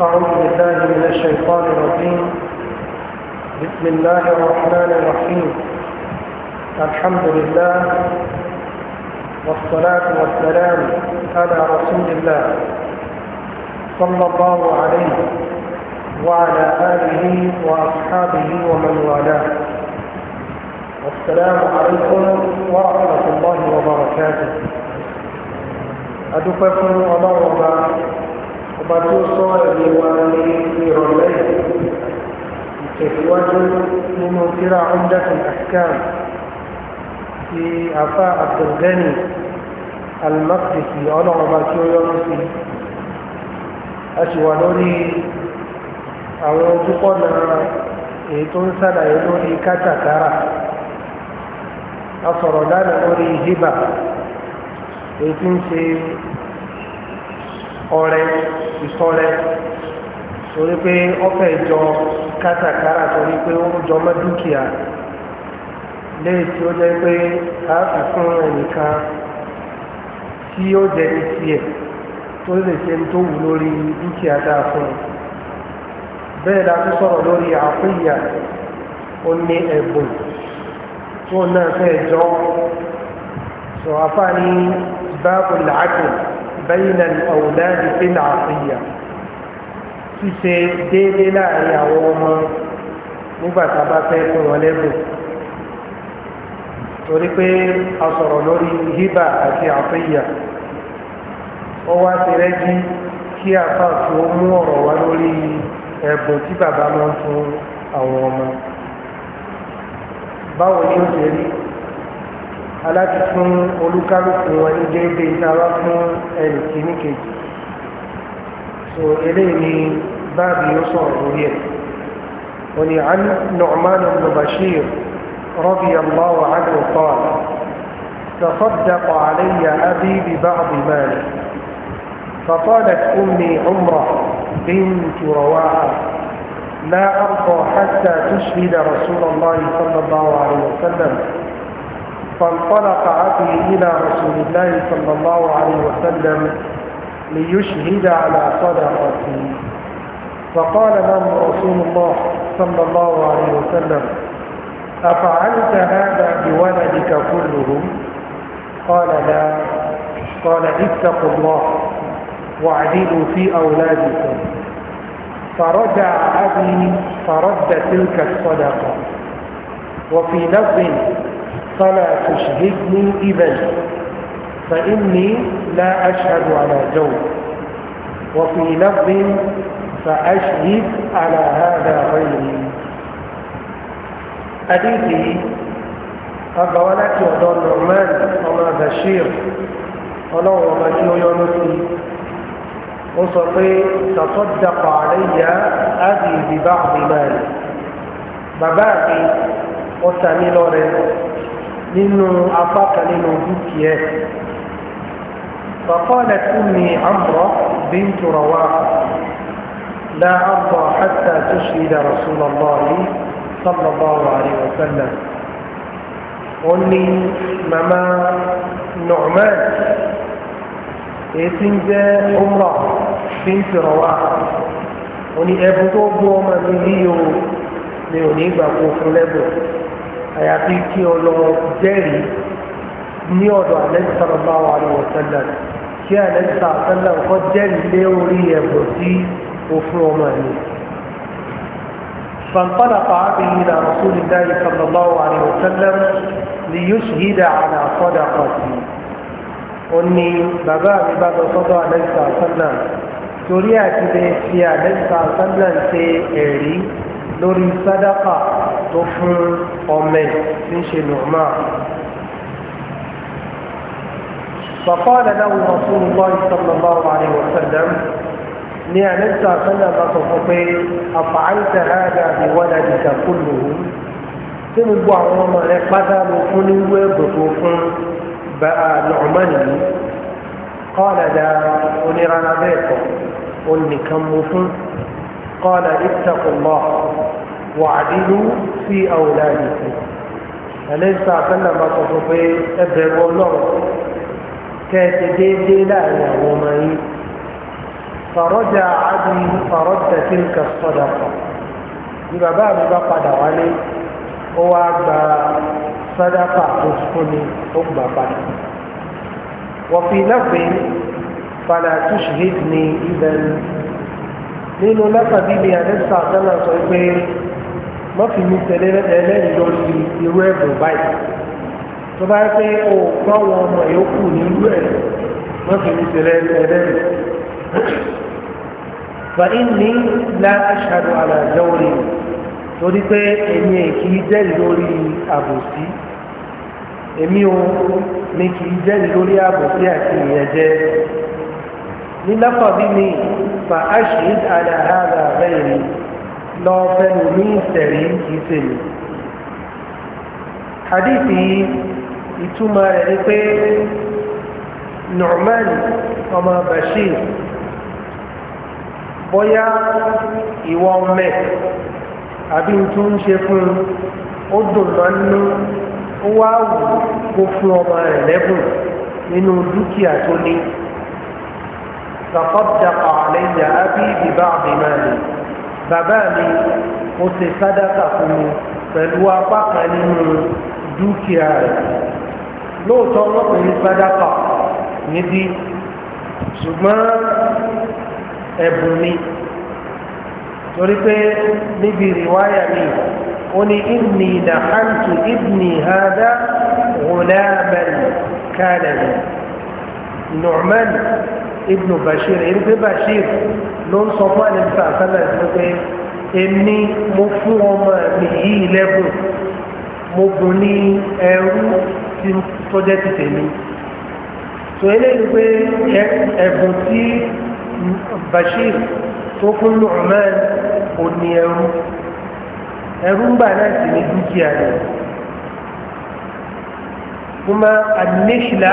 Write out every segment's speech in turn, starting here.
أعوذ بالله من الشيطان الرجيم بسم الله الرحمن الرحيم الحمد لله والصلاة والسلام على رسول الله صلى الله عليه وعلى آله وأصحابه ومن والاه والسلام عليكم ورحمة الله وبركاته أدفكم الله وبركاته ọba tó sọ ẹ̀mí wa ní ìrọ̀lẹ́ ìtẹ̀síwájú nínú tíra Umdatul Ahkam ti afa Abdulgani Al-Maqdisi ọlọ́ọba tí ó yọrọ sí a sì wà lórí àwọn ojúkọ́ náà èyí tó ń sàlàyé lórí kátàkárà a sọ̀rọ̀ lánàá lórí hibà èyí tí ń ṣe ọrẹ ìtọrẹ torí pé ọfẹ jọ kátàkárà torí pé ó jọ mọ́ dúkìá léyìí tí ó jẹ́ pé a fi fún ẹnìkan tí ó jẹ ní tiẹ̀ tó lè ṣe tó wù lórí dúkìá dáa fún un bẹ́ẹ̀ la tún sọ̀rọ̀ lórí àpéyà ó ní ẹ̀bùn tó náà fẹ́ jọ sọ bẹ́yìn ọ̀dájú fi làásìyà na déédé láàrin àwọn ọmọ nígbà tá a bá fẹ́ fún wọn lẹ́bùn a sọ̀rọ̀ lórí hibà àti àfẹ́yà ó wá ti rẹ́jí kí aláti fún olúkálùkù wọn ní déédé ìtawá fún ẹnì kìíní kejì so eléyìí ni báàbí ó sọ̀rọ̀ lórí o nọ̀ọ́mánù lori e rọ́bì an Nu'man ibn Bashir radiyallahu anhu qala تصدق علي أبي ببعض ماله فقالت أمي عمره بنت رواحة لا أرضى حتى تشهد رسول الله صلى الله عليه وسلم فانطلق عبدي إلى رسول الله صلى الله عليه وسلم ليشهد على صدقتي فقال له رسول الله صلى الله عليه وسلم أفعلت هذا بولدك كله قال لا قال اتقوا الله واعدلوا في أولادكم فرجع أبي فرد تلك الصدقة وفي لفظ فلا تشهدني إذا فإني لا أشهد على زوج وفي لفظ فأشهد على هذا غيري حديثي أقولك يا نعمان وما بشير ولو ما يونسي وسطي تصدق علي أبي ببعض مالي باباكي وسامي لوري nínú apá kan nínú dúkìá فقالت أمي عمرة بنت رواحة لا أرضى حتى تشهد رسول الله صلى الله عليه وسلم أمي ماما نعمان إتنجا عمرة بنت رواحة أني أبو أبو أمامي ليو ليوني بقوف لبو àyàfi kí ọ lọ jẹ́rìí ní ọ̀dọ̀ àlẹ́bí sallallahu alaihi wasallam kí àlẹ́bí sallallahu kọ́ jẹ́rìí lé orí ẹ̀bùn tí ó fún ọmọ ẹ̀mí. فانطلق أبي إلى رسول الله صلى الله عليه وسلم ليشهد على صدقته ó ní bàbá mi bá lọ sọ́dọ̀ àlẹ́sà sọ́nà torí àti lè fi àlẹ́sà sọ́nà ṣe ẹ̀rí lórí sádákà tó fún ọmọ ẹ̀ tí ń ṣe nùmá. فقال له رسول الله صلى الله عليه وسلم ní àlẹ́sà sọ́nà bá sọ fún pé àfàáìsẹ̀ àádá bí wọ́n àdìsà kú lòun tí gbogbo àwọn ọmọ rẹ pátá ló fún ní wú ẹ̀bùn tó fún bá a nìyí kọ́ọ̀lá da onìkan mú fún kọ́ọ̀lá ìtàkùnmọ́ wa'dilu fi awladikum ẹlẹ́sà fẹ́lẹ̀ máa sọ fún pé ẹbẹ̀ wọ náà kẹ́ẹ̀tì déédéé láàrin àwọn ọmọ yìí fàrọ́jà àdì fàrọ́jà tí ń kà sọ́dà kan ni bàbá mi bá padà wálé ó wá gba sàdákà tó fún ni ó gbà padà wọ́n fi lẹ́fẹ̀ẹ́ fàlà túṣìhìd ní ibẹ̀ nínú lẹ́fẹ̀ẹ́ bíbí ẹlẹ́sà fẹ́lẹ̀ sọ pé má fi mi tẹ̀lé ẹlẹ́yìn lọ sí irú ẹ̀bùn báyìí tó bá pé o gbọ́ wọn ọmọ yòókù nílùú ẹ̀ má fi mi tẹ̀lé ẹlẹ́yìn. فإني لا أشهد على جوري torí pé èmi ẹ̀ kì í jẹ́rìí lórí àbòsí èmi ò mi kì í jẹ́rìí lórí àbòsí àti ìyẹn jẹ́ ní lápàbí mi fa ashhid ala hadha lọ fẹnu ní ìsẹ̀rí kìí sèmi hadithi yìí ìtumọ̀ rẹ̀ ni pé Nu'man ọmọ Bashir bóyá ìwọ mẹ́ àbí tó ń ṣe fún ó dùn lọ́nú ó wá wù kó fún ọmọ rẹ̀ lẹ́bùn nínú dúkìá tó ní. Faqad daqa alayya abi bi ba'di mali bàbá mi ó ṣe sádàkà fún mi pẹ̀lú apá kan nínú dúkìá rẹ̀ lóòótọ́ wọ́n pè ní sádàkà níbí ṣùgbọ́n ẹ̀bùn ni torí pé níbi rìwáyà mi ó ní ìbùnì ìdàkántù ìbùnì hàdá ghulaman kana Nu'man ibnu bashir ibnu bashir ló ń sọ fún àlẹ́mísà sálà sí pé èmi mo fún ọmọ mi yìí lẹ́bùn mo bùn ní ẹrú tó jẹ́ ti tèmi tó eléyìí pé ẹ̀bùn tí bashir tó fún Nu'man ò ní ẹrú ẹrú ń gbà náà sì ní dúkìá rẹ̀ kuma anishla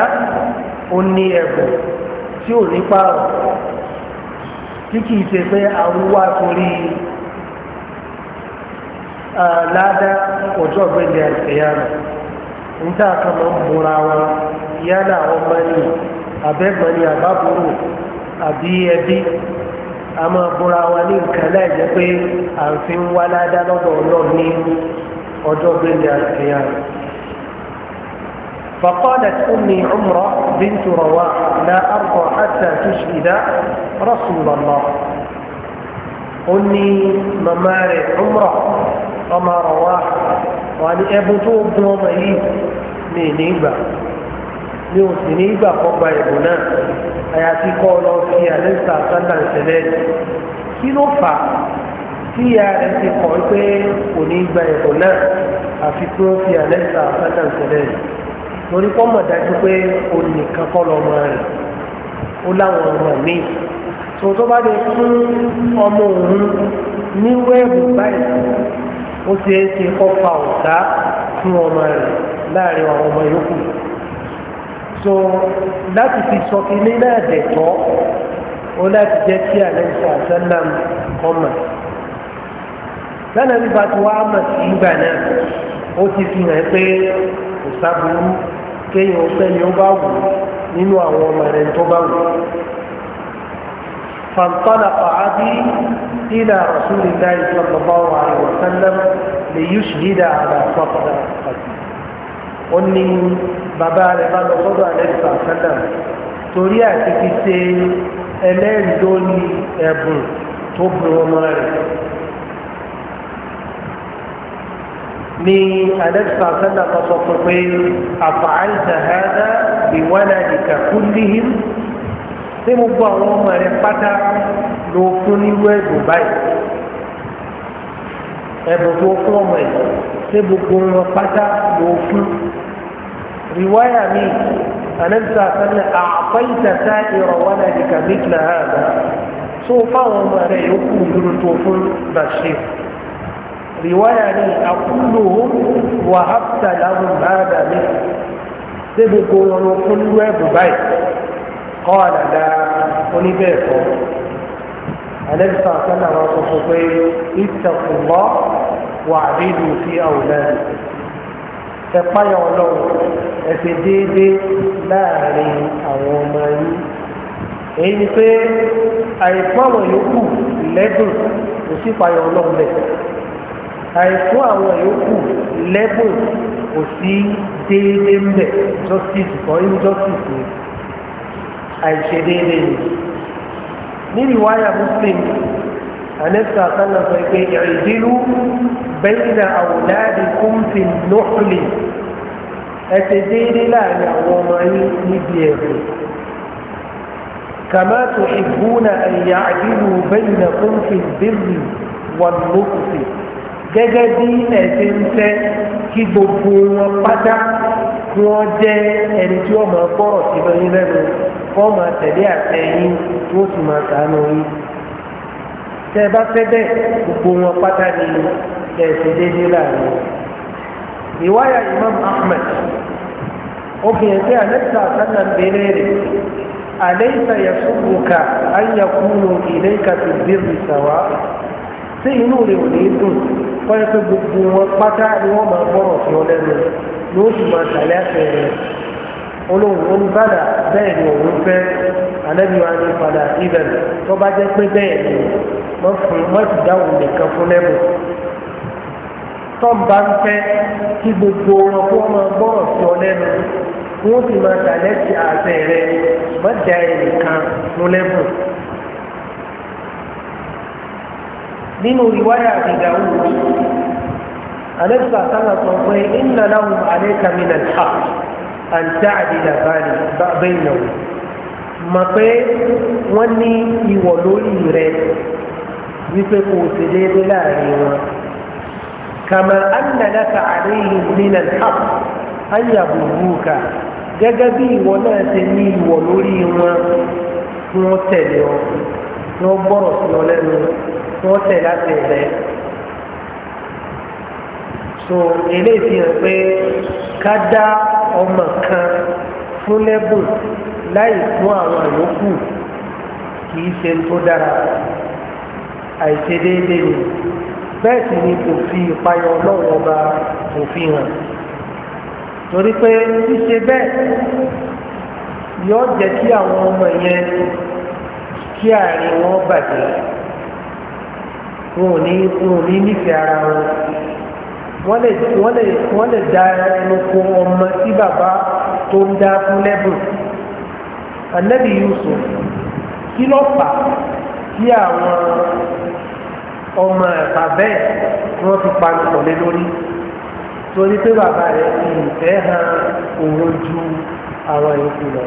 ó ní tí ò ní pààrọ̀ tí kìí ṣe pé àrùwá torí ládá ọjọ́ ọ̀gbẹ́ni àìsèyàn ń tà kan mọ́ múra wọn yálà ọmọ ni àbẹ́gbọ́n ni àbábúrò àbí ẹbí a máa búra wọn ní nǹkan láì jẹ́ pé à ń fi ń wá ládá lọ́dọ̀ ọlọ́ọ̀ ní ọjọ́ فقالت أمي عمرة بنت رواحة لا أرضى حتى تشهد رسول الله أمي مماري عمرة أما رواحة وأنا أبتو بومي من نيبة ní o sì ní ìgbà kan gba ìbò náà àyàfi kọ́ ọ lọ fi àlẹ́sà sálà ìṣẹ̀lẹ̀ kí ló fà á tí ìyá rẹ̀ ti kọ̀ pé kò ní gba ìbò náà àfi kí ó fi àlẹ́sà sálà ìṣẹ̀lẹ̀ yìí. torí kọ́ mọ̀ dájú pé o nìkan kọ́ lọ́mọ rẹ̀ ó láwọn ọmọ míì tó tó bá lè fún ọmọ òun ní wẹ́ẹ̀bù báyìí ó ti kọ́ fa so láti fi sọ kínní náà dẹ̀ tọ́ ó láti jẹ́ kí àlẹ́sà sẹ́lẹ̀m kọ́ mọ̀ bá ti wá mọ̀ sí ìgbà kéèyàn ọ̀fẹ́ ni ó bá wù nínú àwọn ọmọ rẹ̀ tó bá wù. فانطلق عبي إلى رسول الله صلى الله عليه وسلم ليشهد على صدقته ó ní bàbá rẹ̀ bá lọ sọ́dọ̀ àlẹ́sà sẹ́lẹ̀ torí àti fi ṣe ẹlẹ́rìí lórí ẹ̀bùn tó bu ọmọ rẹ̀. ni anẹ́sà sẹ́dá kan sọ fún pé àfàáìsà hẹ́dá ìwádà ìkà kúndìhìm tí mo gbọ́ àwọn ọmọ rẹ pátá ló fún nírú ẹ̀dùn báyìí ẹ̀bùn tó fún ọmọ ẹ̀ tí gbogbo wọn pátá ló fún riwaya mi anẹ́sà sẹ́dá àfàáìsà sẹ́dá ìrọ̀wádà ìkà mìtìlá hẹ́dá tó fáwọn ọmọ rẹ yòókù dúró tó fún bàṣẹ́ rìwáyà ni àkúlò wà áfíà láwùn báàdà mi ṣé gbogbo wọn ló fún irú ẹ̀bùn báyìí kọ́ àdàdà oníbẹ̀ẹ̀kọ́ alẹ́bíṣà sálà wọn sọ fún pé ìtàkùnbọ́ wà nínú sí àwòrán ẹ páyà ọlọ́run ẹ déédéé láàrin àwọn ọmọ yín èyí ni pé àìpọ́n àwọn yòókù lẹ́dùn kò sí páyà ọlọ́run lẹ́sẹ̀ àìfún àwọn yòókù lẹ́bùn kò sí déédé ń bẹ̀ justice or injustice ni àìṣe déédé ni. níbi wáyà muslim anẹ́sà sálà sọ pé ìrìndínlú bẹ́yìnà àwòláàdì kúńtì nọ́ọ̀lì ẹ̀sẹ̀ déédé láàrin àwọn ọmọ yín níbi ẹ̀rọ. كما تحبون أن يعدلوا بينكم في البر والنقص gẹ́gẹ́ bí ẹ̀sìn ń fẹ́ kí gbogbo wọn pátá kí wọ́n jẹ́ ẹni tí wọ́n máa gbọ́rọ̀ sí lọ yín lẹ́nu wọ́n máa tẹ̀lé àtẹ yín tí wọ́n sì máa sàánú yín. tẹ́ ẹ bá fẹ́ bẹ́ẹ̀ gbogbo wọn pátá ni ẹ̀sìn déédéé láàrin. ìwáyà Imam Ahmed ó fi hàn pé àlẹ́sà sánà bèrè rẹ̀ àlẹ́sà yasubuka an yakunu ilayka fil tí inú rẹ̀ ò ní dùn wọ́n yẹ pé gbogbo wọn pátá ni wọ́n máa gbọ́rọ̀ sí ọ lẹ́nu ni ó sì máa tẹ̀lé ẹsẹ̀ rẹ̀ olóhùn òun bàdà bẹ́ẹ̀ ni òun fẹ́ alẹ́bí wa ní padà ibẹ̀ tó bá jẹ́ pé bẹ́ẹ̀ ni wọ́n fún wọ́n sì dáhùn nìkan fún lẹ́bù tọ́m bá ń fẹ́ kí gbogbo wọn kó wọn máa gbọ́rọ̀ sí ọ lẹ́nu wọ́n sì máa tẹ̀lé ẹsẹ̀ rẹ̀ nínú ìwáyà ìdáwó anẹ́sà sálà sọ pé iná láwù àlẹ́kà mi náà ṣá àǹtá àdìdà báyìí náà mọ̀ pé wọ́n ní ìwọ̀ lórí rẹ̀ wípé kò sí déédéé láàrin wọn. kàmá anna laka àlẹ́yìn mi náà ṣá àyà bùbùkà gẹ́gẹ́ bí ìwọ náà ṣe ní ìwọ̀ lórí wọn kí wọ́n tẹ̀lé ọ kí gbọ́rọ̀ sí ọ lẹ́nu tí wọ́n tẹ̀ láti rẹ̀ so eléyìí fi hàn pé ká dá ọmọ kan fún lẹ́bùn láì fún àwọn àyókù kì í ṣe tó dára àìṣe déédéé ni bẹ́ẹ̀ sì ni kò fi ìpayọ̀ ọlọ́run ọba kò fi hàn torí pé ṣíṣe bẹ́ẹ̀ yóò jẹ́ kí àwọn ọmọ yẹn kí àárín wọn bàjẹ́ wọn ò ní wọn ò ní nífẹ̀ẹ́ ara wọn wọ́n lè wọ́n lè wọ́n lè da ẹnu ko ọmọ tí bàbá tó ń dá fún lẹ́bùn anabi Yusuf kí ló fà kí àwọn ọmọ ẹ̀fà bẹ́ẹ̀ wọ́n fi panupọ̀ lé lórí torí pé bàbá rẹ̀ fi ìfẹ́ hàn òun ju àwọn yòókù lọ.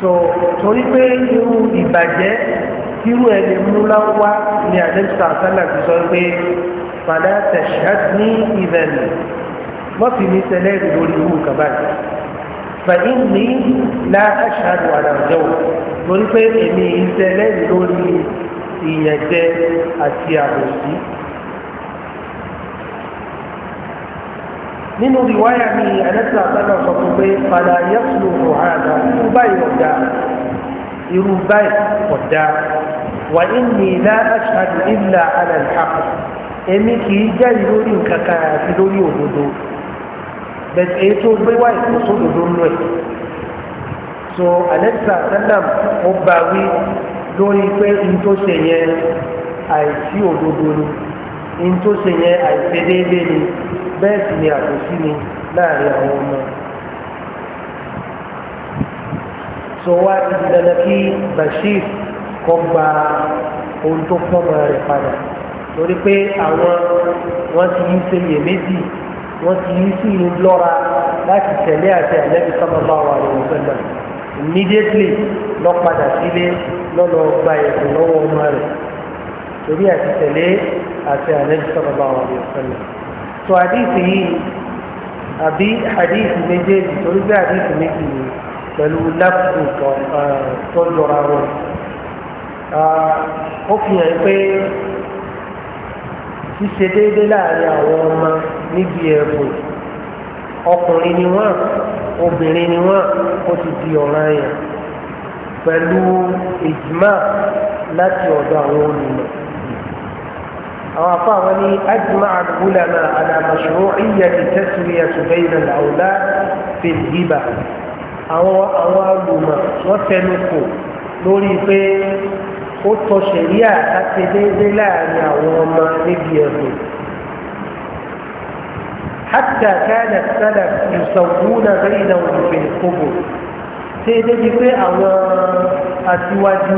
so torí pé irú ìbàjẹ́ tírú ẹni múlá wá ní àdébùsà sálà ti sọ pé padà tẹ̀sán ní ìbẹ̀lẹ̀ wọ́n fi ní sẹ́lẹ̀ lórí irú kàbáyé fẹ̀yìn ní láàṣàdù àdàjọ́ lórí pé èmi ìsẹ̀lẹ̀ lórí ìyẹ̀jẹ́ àti àbòsí. nínú ìwáyà mi ẹ̀rẹ́sì àtàlà sọ pé padà yẹ́sùlù ọ̀hánà tó báyìí ọ̀gá irú báyìí kò dáa wà inni la ashhadu illa ala al-haq èmi kì í jẹ́rìí lórí nǹkan kan àti lórí òdodo bẹ̀tẹ̀ èyí tó gbé wáyé kò sódodo nù ẹ̀ so alexa sallam ó bá wí lórí pé n yẹn àìsí òdodo ni n tó ṣe yẹn ni bẹ́ẹ̀ sì ni àtòsí ni láàrin àwọn ọmọ. sọ wá ibi dandan kí Bashir kọ́ gba ohun tó fọ́mọ rẹ̀ padà torí pé àwọn wọ́n ti yí ṣe iyèméjì wọ́n ti yí sí ìlú lọ́ra láti tẹ̀lé àti àlẹ́bí sallallahu alaihi wasallam immediately lọ padà sílé lọ́lọ́ gba ẹ̀sìn lọ́wọ́ ọmọ rẹ̀ torí àti tẹ̀lé àti àlẹ́bí sallallahu alaihi wasallam. tó àdìsí yìí àbí àdìsí méjèèjì torí pé àdìsí méjì nìyí pẹ̀lú lápùtù tó jọra wọn ó fi hàn pé ṣíṣe déédé láàrin àwọn ọmọ níbi ẹ̀bùn ọkùnrin ni wọ́n obìnrin ni wọ́n ó ti di ọ̀ràn yẹn pẹ̀lú ìjìmá láti ọ̀dọ̀ àwọn olùmọ̀ àwọn afọ àwọn ní ajma al-ulama ala mashru'iyyati taswiyati bayna al-awlad fil-hiba àwọn àwọn àlùmọ̀ wọ́n tẹnu kò lórí pé ó tọ sẹ̀ríà láti déédéé láàrin àwọn ọmọ níbi ẹ̀sìn. حتى كان السلف يسوون بينهم في القبور déédé di pé àwọn aṣíwájú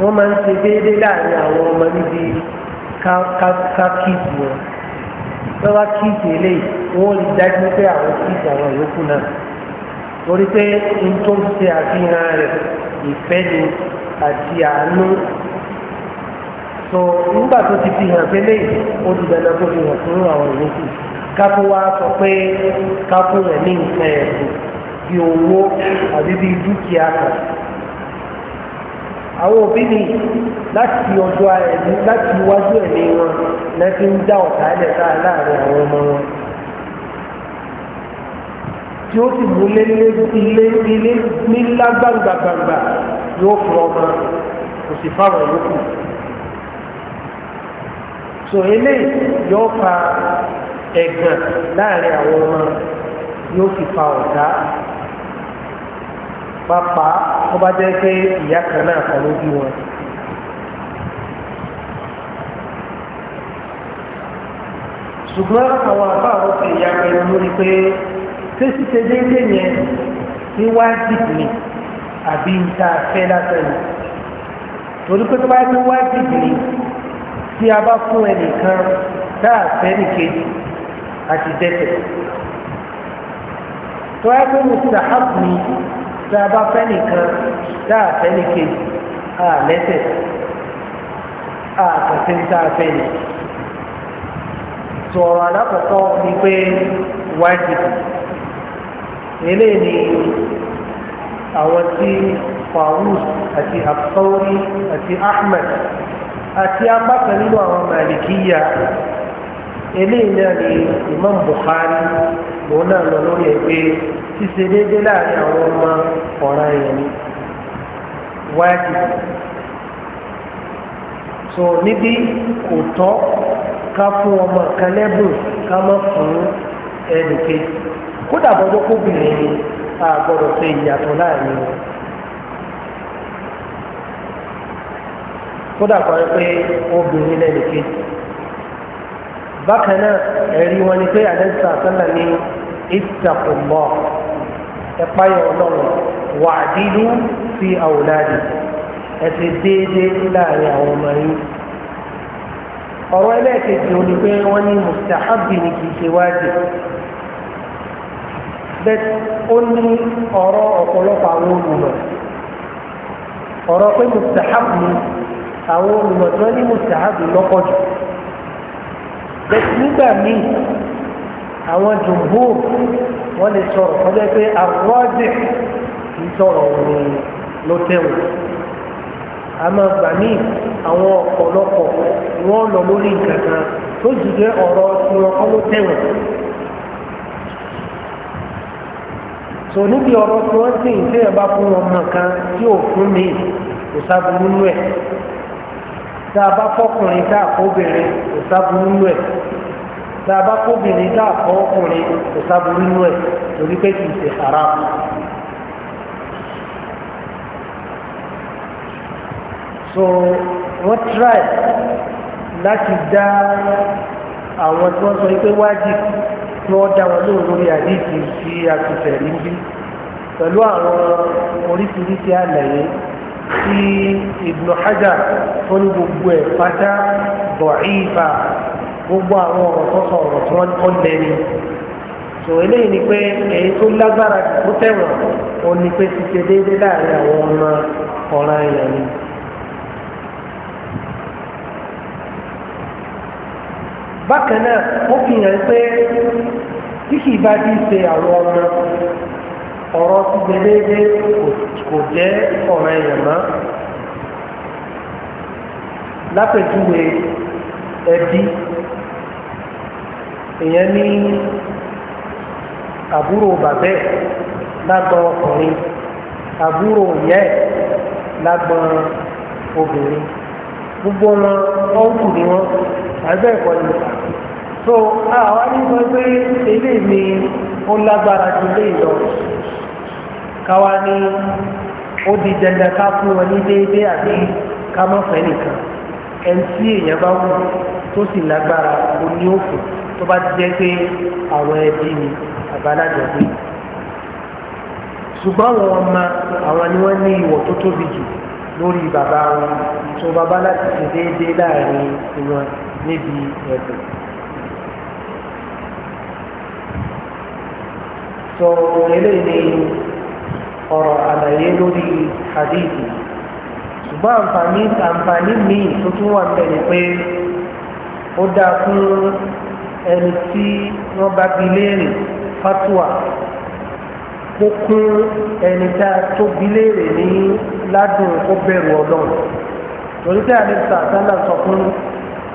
wọn máa ń ṣe déédé láàrin àwọn ọmọ níbi ká kíìsì wọn wọn wá kíìsì eléyìí wọn lè dájú pé àwọn kíìsì àwọn yòókù náà torí pé n tó ń ṣe àfihàn rẹ̀ àti àánú so nígbà tó ti fi hàn pélé ó di dandan kó fi hàn fún àwọn wa sọ pé kápó rẹ̀ ní nǹkan ẹ̀bùn bí owó àbí bí dúkìá kan àwọn òbí ni láti ọjọ́ ẹ̀mí láti iwájú ẹ̀mí wọn lẹ́tí ń dá ọ̀tá ẹ̀lẹ́ta láàrin àwọn ọmọ wọn. tí ó sì mú lé ilé ilé nílá gbangba-gbangba yóò fún ọmọ kò sì fáwọn yòókù. sọ eléyìí yóò fa ẹ̀gàn láàrin àwọn ọmọ yóò fi fa ọ̀dá pápá ó bá jẹ́ pé ìyá kan náà kọ́ ló wọn. ṣùgbọ́n àwọn àbá àwọn ti ìyá kan lórí pé ṣé ṣíṣe déédé yẹn ní wájìbì ni àbí ń ta fẹ́ lásán ni torí pé tó bá ní wájìbì ni tí a bá fún ẹnìkan tá a fẹ́ nìkejì àti dẹ́tẹ̀ tó yẹ pé mustahab ni tá a bá fẹ́ nìkan tá a fẹ́ nìkejì a lẹ́tẹ̀ a kàtí ń tá a fẹ́ ni sọ̀rọ̀ alákọ̀ọ́kọ́ ni pé wájìbì eléyìí ni àwọn tí fawus àti absauri àti ahmed àti abákan nínú àwọn malikiya eléyìí náà ni imam bukhari lòun náà lọ lórí ẹgbẹ́ ṣíṣe déédéé láàrin àwọn ọmọ ọ̀ràn yẹn ni wájú so níbi kò tọ́ ká fún ọmọ kan lẹ́bùn ká má fún ẹnì kódà bọ́jọ́ kóbìnrin ni a gbọ́dọ̀ ṣe ìyàtọ̀ láàrin wọn. kódà kọ́ ẹ pé obìnrin lẹ́nu kejì bákan náà ẹ̀rí wọn ni pé àdẹ́sà sọ́nà ní ìtàkùnbọ̀ ẹ̀páyọ̀ ọlọ́run wa'dilu fi àwòládì ẹ̀sẹ̀ déédéé láàrin àwọn ọmọ yìí ọ̀rọ̀ ẹlẹ́ẹ̀kejì ò ní pé wọ́n ní mustahabbi kì í ṣe wájib bẹ́ẹ̀ ó ọrọ ọ̀rọ̀ ọ̀pọ̀lọpọ̀ àwọn olùmọ̀ ọ̀rọ̀ pé mustahab ni àwọn olùmọ̀ tí wọ́n ní mustahab lọ́pọ̀ jù bẹ́ẹ̀ nígbà míì àwọn jùmbó wọ́n lè sọ̀rọ̀ kọjá pé àrọ́jì kì í sọ̀rọ̀ ní ló àmọ́ gbà míì So níbi ọ̀rọ̀ tí wọ́n sì ń tẹ́yẹ̀ bá fún ọmọ kan tí ò fún mi kò sábúrú nú ẹ̀ tá a bá fọkùnrin tá a fọbìnrin kò sábúrú nú ẹ̀ tá a bá fọbìnrin tá a fọkùnrin kò sábúrú nú ẹ̀ torí pé kì í ṣe haram. so wọ́n try láti dá àwọn tí wọ́n sọ pé wájib kí wọ́n dá wọn lóhùn lórí àdéhìí sí àtúntẹ̀ rí bí pẹ̀lú àwọn oríṣiríṣi àlàyé tí Ibn Hajar tó ní gbogbo ẹ̀ pátá dọ̀ífà gbogbo àwọn ọ̀rọ̀ tó sọ ọ̀rọ̀ tí wọ́n kọ́ lẹ́ni so eléyìí ni pé èyí tó lágbára tó tẹ̀wọ̀n òun ni pé ti ṣe déédéé láàrin àwọn ọmọ ọ̀ràn ìyàní. bákan náà ó fi hàn pé tí kì í bá ti ṣe àwọn ọmọ ọ̀rọ̀ ti gbẹ déédéé kò jẹ́ ọ̀rọ̀ ẹ̀yàn mọ́ lápẹ̀júwe ẹbí èèyàn ní àbúrò bàbẹ́ lágbọ́n ọkùnrin àbúrò ìyá ẹ̀ lágbọ́n obìnrin gbogbo wọn ọ̀nkù ni wọn àbẹ́ ẹ̀kọ́ ni so àwa ní sọ pé ilé mi ó lágbára ju ilé ìlọ káwa ní ó di dandan ká fún wọn ní déédéé àbí ká má fẹ́ nìkan ẹni tí èèyàn bá wù tó sì lágbára ó ní òfò tó bá jẹ́ pé àwọn ẹbí ni àbálájọ gbé ṣùgbọ́n àwọn ọmọ àwọn ni wọ́n ní ìwọ̀ tó tóbi jù lórí bàbá wọn tó bàbá láti ṣe déédéé láàrin ìwọ̀n níbi ẹ̀bùn. sọ eléyìí ni ọ̀rọ̀ àlàyé lórí hadithi ṣùgbọ́n àǹfààní àǹfààní míì tó tún wà bẹ̀ ni pé ó dáa fún ẹni tí wọ́n bá bi léèrè fatuwa kó kún ẹni tá a tó bi léèrè ní ládùn kó bẹ̀rù ọlọ́run torí tí àlejò àtàlà sọ fún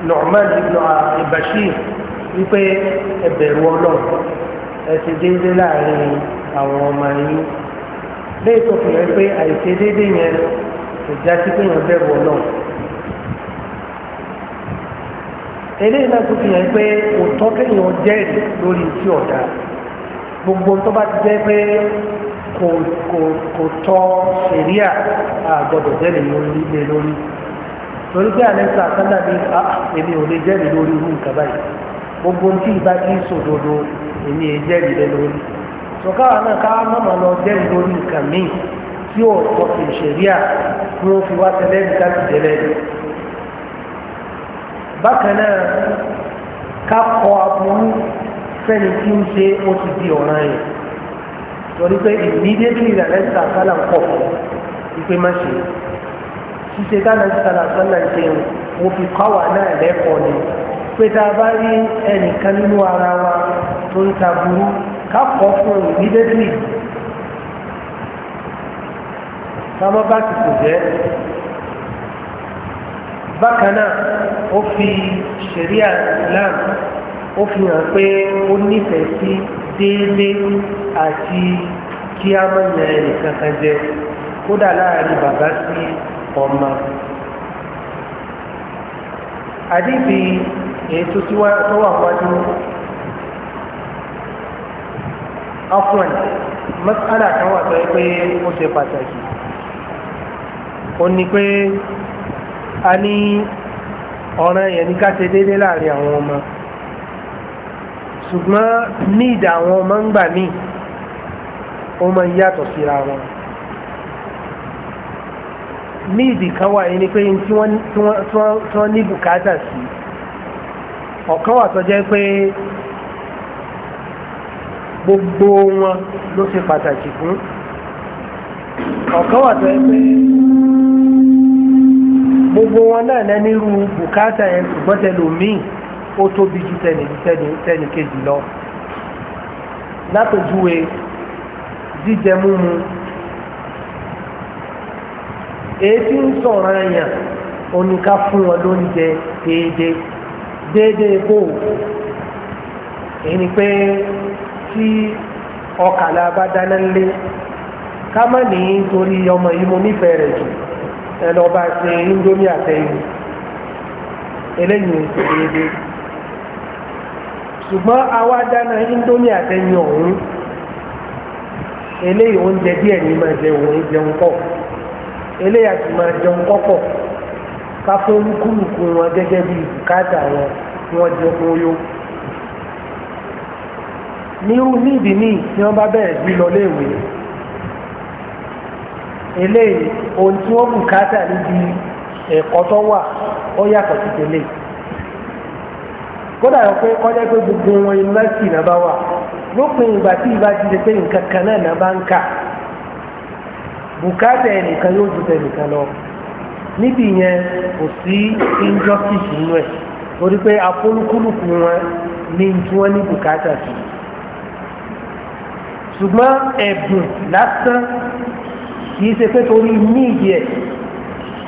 Nu'man ibn Bashir wípé ẹ bẹ̀rù ọlọ́run ẹ ṣe déédéé láàrin àwọn ọmọ yín léè tó fi hàn pé àìṣe déédéé yẹn kò já sí pé yẹn bẹ̀rù ọlọ́run. eléyìí náà tó fi hàn pé òótọ́ kéèyàn jẹ́rìí lórí tí ọ̀dà gbogbo tó bá ti jẹ́ pé kò tọ́ ṣẹ̀ríà àgbọ̀dọ̀ jẹ́rìí lórí torí pé àlẹ́sà sọ́dà ní ah, èmi ò lè jẹ́rìí lórí irú nǹkan báyìí gbogbo tí ìbá ti ń sòdodo èmi è jẹ́rìí lé lórí sọ̀káwá náà ká mọ̀mọ́ lọ jẹ́rìí lórí nǹkan míì tí ò tọ́ sí ìṣẹ̀ríà tí ó fi wá tẹ́lẹ̀ ní káàdì tẹ́lẹ̀ ní. bákan náà ká kọ aburú fẹ́ni tí ń ṣe ó ti di ọ̀ràn yẹn torí pé ìdílé bí ìrẹ̀lẹ́sà sálà ń pọ̀ fún ìpè má ṣe ṣíṣe táwọn ẹni sọlá sọlá ṣe mo fi kọ́ wa náà lẹ́kọ̀ọ́ ni pé tá a bá rí ẹnìkan nínú ara wa tó ń ta burú ká kọ́ fún immediately kámọ́ bá ti kò jẹ́ bákan náà ó fi ṣẹ̀ríà Islam ó fi hàn pé ó nífẹ̀ẹ́ sí déédéé àti kí a mọ̀ yàn ẹnìkan kan jẹ kódà láàrin bàbá sí. Si, ọmọ àdìsí ètò tí wọ́n tó wà wájú afran masala kan wà tó yẹ pé ó ṣe pàtàkì ó ní pé a ní ọ̀ràn yẹn ní ká ṣe déédéé láàrin àwọn ọmọ ṣùgbọ́n ní ìdá àwọn ọmọ ń gbà míì ó máa ń yàtọ̀ síra wọn níìdì kan wà yìí ni pé tí wọ́n ní bùkátà sí ọ̀kan wà tó jẹ́ pé gbogbo wọn ló ṣe pàtàkì fún ọ̀kan wà tó jẹ́ pé gbogbo wọn náà lẹ́nirú bùkátà yẹn ṣùgbọ́n tẹlòmíì ó tóbi ju tẹnìkejì lọ látòjúwe jíjẹ múmu. èyí ń sọ̀rọ̀ ẹ̀yàn oníká fún wọn lóúnjẹ déédéé déédéé bò èyí ni pé tí ọkàlà bá dáná lé ká má ní torí ọmọ yìí mo nífẹ̀ẹ́ rẹ̀ jù ẹ lọ bá ṣe indomie àtẹ̀yìn eléyìí ṣe déédéé ṣùgbọ́n dáná àtẹ̀yìn ọ̀hún eléyà ti máa jẹun kọ́pọ̀ ká fún olúkúlùkù wọn gẹ́gẹ́ bí bùkátà wọn kí wọ́n jẹ fún yó. nírú nídìí ní tí wọ́n bá bẹ̀rẹ̀ bí lọ léèwé eléyìí ohun tí wọ́n bùkátà níbi ẹ̀kọ́ tó wà ó yàtọ̀ sí tẹ́lẹ̀ kódà yọ pé kọjá pé gbogbo wọn yunifásitì náà bá wà lópin ìgbà tí ìbá ti ṣe pé nǹkan kan náà náà bá ń kà bùkátà ẹnìkan yóò ju tẹnìkan lọ níbi yẹn kò sí injustice nínú ẹ̀ torí pé afólúkúlùkù wọn ní tí wọ́n ní bùkátà sí ṣùgbọ́n ẹ̀bùn lásán kìí ṣe pé torí níìdí ẹ̀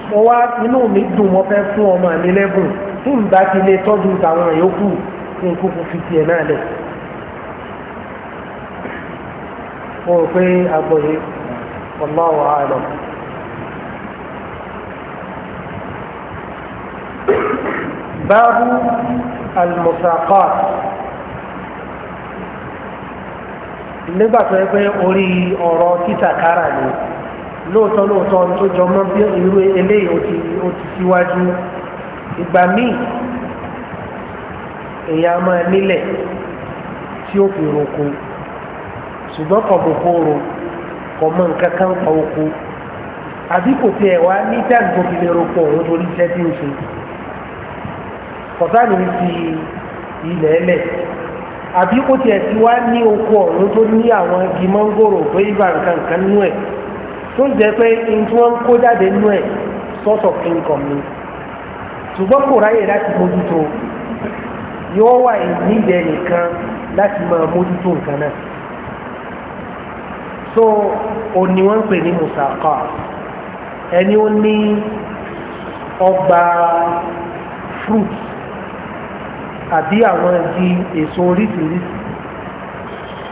mo wá inú mi dùn mo fẹ́ fún ọmọ mi lẹ́bùn tí n bá ti lè tọ́jú tàwọn yòókù kí kúkú fi tiẹ̀ náà lẹ̀. mo rò pé agbọ̀yé والله أعلم باب المساقات nígbà tó yẹ pé orí ọ̀rọ̀ títàkárà ni lóòótọ́ lóòótọ́ tó jọ mọ́ bí irú eléyìí ó ti síwájú ìgbà míì èèyàn máa nílẹ̀ tí ó fi roko ṣùgbọ́n kọ̀ọ̀kọ̀ ro kò mọ nǹkan kan pa oko àbí kò tiẹ̀ wá ní táàgì tó fi lè ropọ̀ òun torí iṣẹ́ tí ń ṣe kọ̀tàní ti ilẹ̀ ẹlẹ̀ àbí kò tiẹ̀ ti wá ní oko ọ̀run tó ní àwọn igi mọ́ngòrò tó yí bàǹkà nǹkan nú ẹ̀ tó jẹ́ pé n tí wọ́n ń kó jáde nú ẹ̀ source of income ni ṣùgbọ́n kò ráyè láti mójútó yóò wà ní ìdẹ nìkan láti máa mójútó nǹkan náà so òní wọ́n ń pè ní musaqa ẹni ó ní ọgbà fruit àbí àwọn igi èso oríṣiríṣi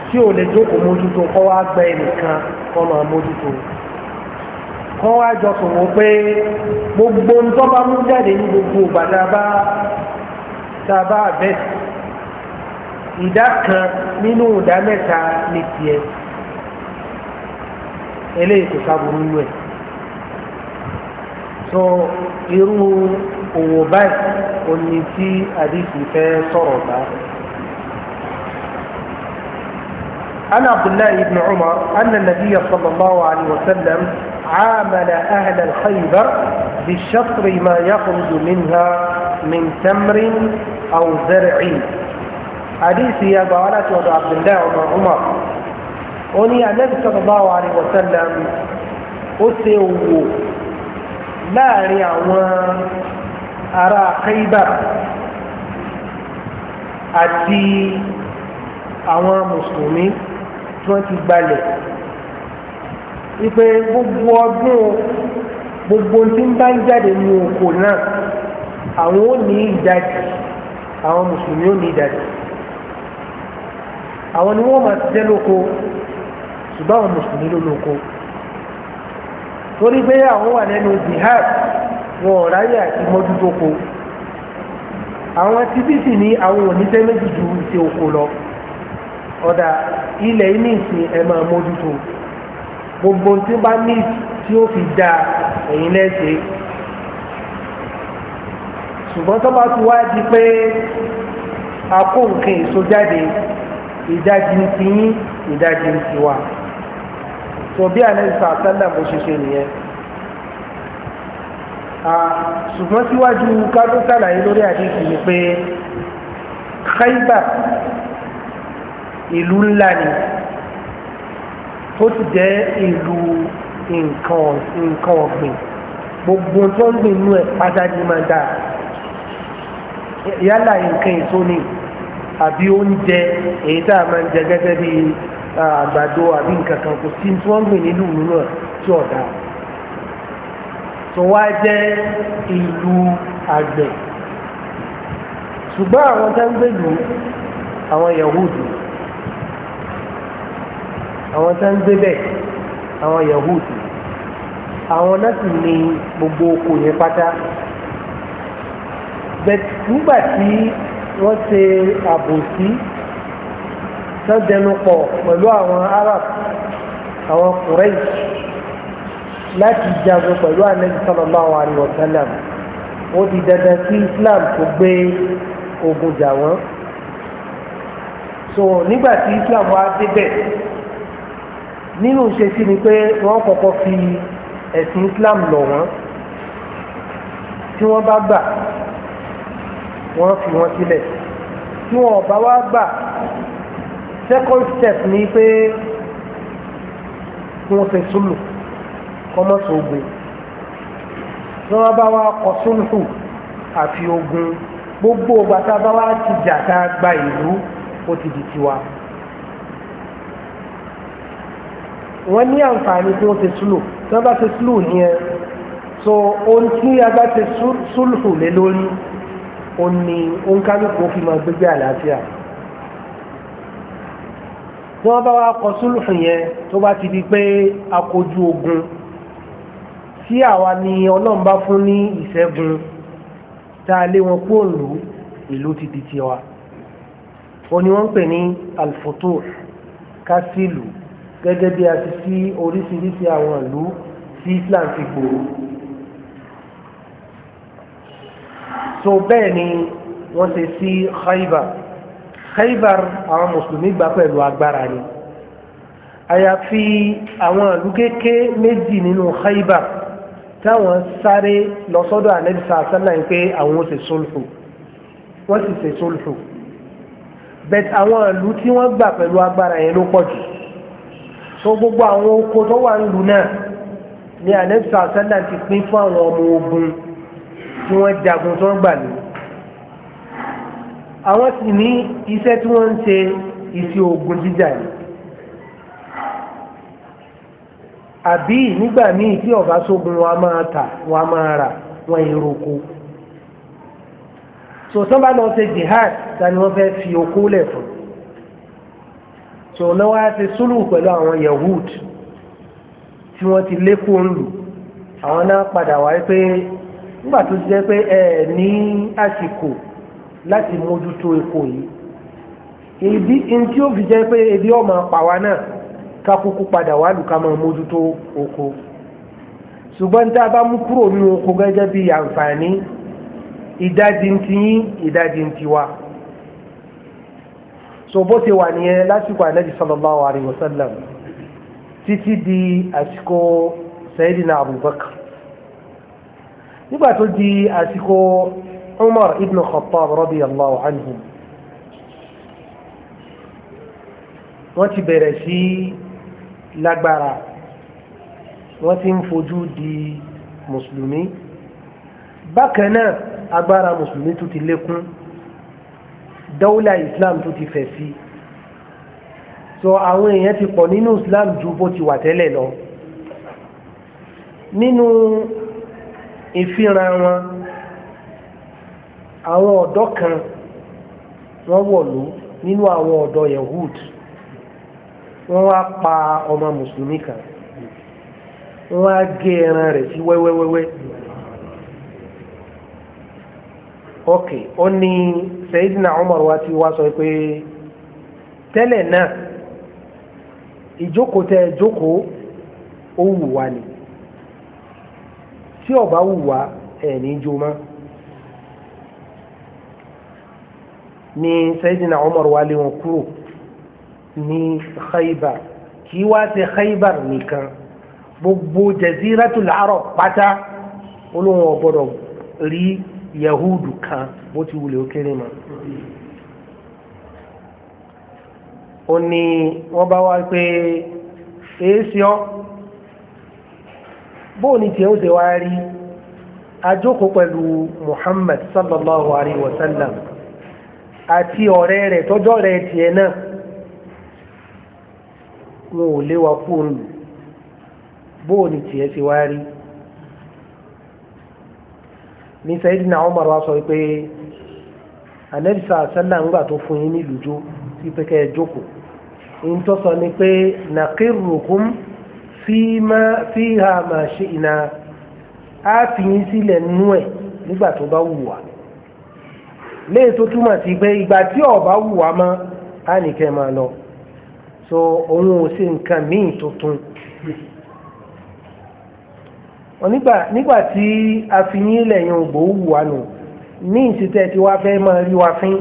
tí ò lè jókòó mójútó kọ́ wá gbẹ ẹnìkan kọ́ máa mójútó kọ́ wá jọ sòwò pé gbogbo ń tọ́ bá mú jáde ní gbogbo ìgbà bá tá a ìdá kan nínú ìdá mẹ́ta ní tiẹ̀. eléyìí kò sábòrò ẹ̀ so irú òwò báyìí o ní tí àdìsí fẹ́ sọ̀rọ̀ bá. عن عبد الله بن عمر أن النبي صلى الله عليه وسلم عامل أهل الخيبر بشطر ما يخرج منها من تمر أو زرع حديث يا ضالة عبد الله بن عمر ó ní Ànábì sallallahu alaihi wasallam ó ṣe òwò láàrin àwọn ará Khaybar àti àwọn mùsùlùmí tí wọ́n ti gbalẹ̀ wípé gbogbo ọdún gbogbo tí ń bá ń jáde ní oko náà àwọn ò ní ìdajì àwọn mùsùlùmí ò ní ìdajì àwọn ni wọ́n máa ti jẹ́ lóko ṣùgbọ́n àwọn mùsùlùmí ló lóko torí pé àwọn wà nínú jihad wọn ò ráyè àti mọ́dútóko àwọn tibí sì ní àwọn oníṣẹ́ méjì ju iṣẹ́ oko lọ ọ̀dà ilẹ̀ ní ìsìn ẹ̀ máa mójútó gbogbo tí ó bá ní tí ó fi da ẹ̀yin lẹ́sẹ̀ ṣùgbọ́n tó bá ti wá di pé akó nǹkan ìdajì ń ti yín ìdajì ń ti wà tó bí ànábì sàtẹ́lá mo ṣe ṣe nìyẹn ṣùgbọ́n síwájú kátó sàlàyé lórí àdéhùn ni pé Khaybar ìlú ńlá ni tó ti jẹ́ ìlú nǹkan ọ̀gbìn gbogbo tó ń gbìn inú ẹ̀ pátá ní máa dáa yálà nǹkan èso ni àbí oúnjẹ èyí tá a máa ń jẹ gẹ́gẹ́ bíi àgbàdo àbí nǹkan kan kò sí tí wọ́n ń gbìn nínú ìlú náà tí ọ̀dà tó wá jẹ́ ìlú àgbẹ̀ ṣùgbọ́n àwọn tó ń gbèlú àwọn yahudu àwọn tó ń gbébẹ̀ àwọn yahudu àwọn náà sì ní gbogbo oko yẹn pátá nígbà tí wọ́n ṣe àbòsí tán dẹnu pọ̀ pẹ̀lú àwọn arab àwọn Quraysh láti jagun pẹ̀lú anabi sallallahu alayhi wa sallam ó di dandan sí islam kó gbé ogun jà wọ́n so nígbà tí islam wá débẹ̀ nínú ìṣesí ni pé wọ́n kọ́kọ́ fi ẹ̀sìn islam lọ̀ wọ́n tí wọ́n bá gbà wọ́n fi wọ́n sílẹ̀ tí wọ́n bá wá gbà second step ni pé kí wọ́n ṣe súnmù kọ́mọ́ sí ogun tí wọ́n bá wá kọ súnmù àfi ogun gbogbo ọgbà tá a bá wá ti jà tá a gba ìlú ó ti di tiwa. wọ́n ní àǹfààní tí wọ́n ṣe súnmù tí wọ́n bá ṣe súnmù yẹn so ohun tí a bá ṣe súnmù lé lórí ó ní òǹkàlùkù ó fi máa gbégbé àlàáfíà tí wọ́n bá wá kọ súlùú yẹn tó bá ti di pé a kojú ogun tí àwa ni ọlọ́run bá fún ní ìṣẹ́gun tá a lé wọn kúrò lù ìlú ti di tiwa wọn ni wọ́n ń pè ní alfoto kásìlù gẹ́gẹ́ bí a ti sí oríṣiríṣi àwọn ìlú tí Islam ti gbòòrò. so bẹ́ẹ̀ ni wọ́n ṣe sí Khaibar. Khaybar àwọn mùsùlùmí gbà pẹ̀lú agbára ni àyàfi àwọn ìlú kéké méjì nínú Khaybar táwọn sáré lọ sọ́dọ̀ ànábì sàásánà ń pé àwọn ó ṣe sólfò wọ́n sì ṣe sólfò bẹ́ẹ̀ àwọn ìlú tí wọ́n gbà pẹ̀lú agbára yẹn ló pọ̀ jù so gbogbo àwọn oko tó wà nílùú náà ni ànábì sàásánà ti pín fún àwọn ọmọ ogun tí wọ́n jagun tó ń gbà lóyún àwọn sì ní iṣẹ́ tí wọ́n ń ṣe iṣẹ́ ogun jíjà ni àbí nígbà míì tí ọba sógun wa máa tà wa máa rà wọn ìroko sòtán bá lọ ṣe jihad ta ni wọ́n fẹ́ fi okó lẹ̀ fún sòtán wá ṣe sùlù pẹ̀lú àwọn yahud tí wọ́n ti lékún lù àwọn náà padà wáyé pé nígbà tó ti jẹ́ pé ẹ ní àsìkò láti mójútó epo yìí ibi ntí ó fi jẹ́ pé ebi ọmọ pàwa náà ká kúkú padà wá lù ká máa mójútó oko ṣùgbọ́n tá a bá mú kúrò nínú oko gẹ́gẹ́ bí àǹfààní ìdajì ti so bó ti wà nìyẹn lásìkò ànábì sallallahu alayhi wa sallam títí di àsìkò Sayyidina Abubakar nígbà tó di àsìkò عمر ابن الخطاب رضي الله عنه wọ́n ti bẹ̀rẹ̀ sí lágbára wọ́n ti ń fojú di mùsùlùmí bákan náà agbára mùsùlùmí tún ti lékún dáúlà islam tún ti fẹ̀ sí so àwọn èèyàn ti pọ̀ nínú islam ju bó ti wà tẹ́lẹ̀ lọ nínú ìfihàn wọn. àwọn ọ̀dọ́ kan wọ́n wọ̀lú nínú àwọn ọ̀dọ́ yehud wọ́n wá pa ọmọ mùsùlùmí kan wọ́n wá gé ẹran rẹ̀ sí wẹ́wẹ́wẹ́wẹ́ ok ó ní Sayyidina Umar wa ti wá sọ pé tẹ́lẹ̀ náà ìjókòó tẹ ìjókòó ó wù wá ni tí ó wù wá ẹ̀ ní jó máa. ni Sayyidina Umar wálé wọn kúrò ní Khaybar kì í wá ṣe Khaybar nìkan gbogbo Jaziratul Arab pátá olóhùn ọ̀gbọ́dọ̀ rí yahudu kan bó ti wulẹ̀ ó kéré mọ́ ó ní wọ́n bá wá pé èéṣe ọ́ bó ní tiẹ̀ ó ṣe wá rí ajókòó pẹ̀lú Muhammad sallallahu alayhi wa sallam àti ọ̀rẹ́ rẹ̀ tọ́jọ́ rẹ̀ tiẹ̀ náà wọn ò léwa kú òun bóò ni tiẹ̀ ti wá rí ní Sayyidina Umar wa sọ pé anẹ́bísà sẹ́là ńgbà tó fún yín nílùú jó sí pé jókòó ń tó sọ ni pé nàkírùkún fíhà ṣe ìná á fi yín sílẹ̀ nú ẹ̀ nígbà tó bá wù wá léè tó túmọ̀ sí pé ìgbà tí ọba wù wá mọ́ á nìkẹ́ máa lọ so òun ò ṣe nǹkan míì tuntun nígbà tí àfihàn ilẹ̀ yẹn ò gbòó wù wá nù ní ìsìtẹ́ tí wá fẹ́ máa rí wa fín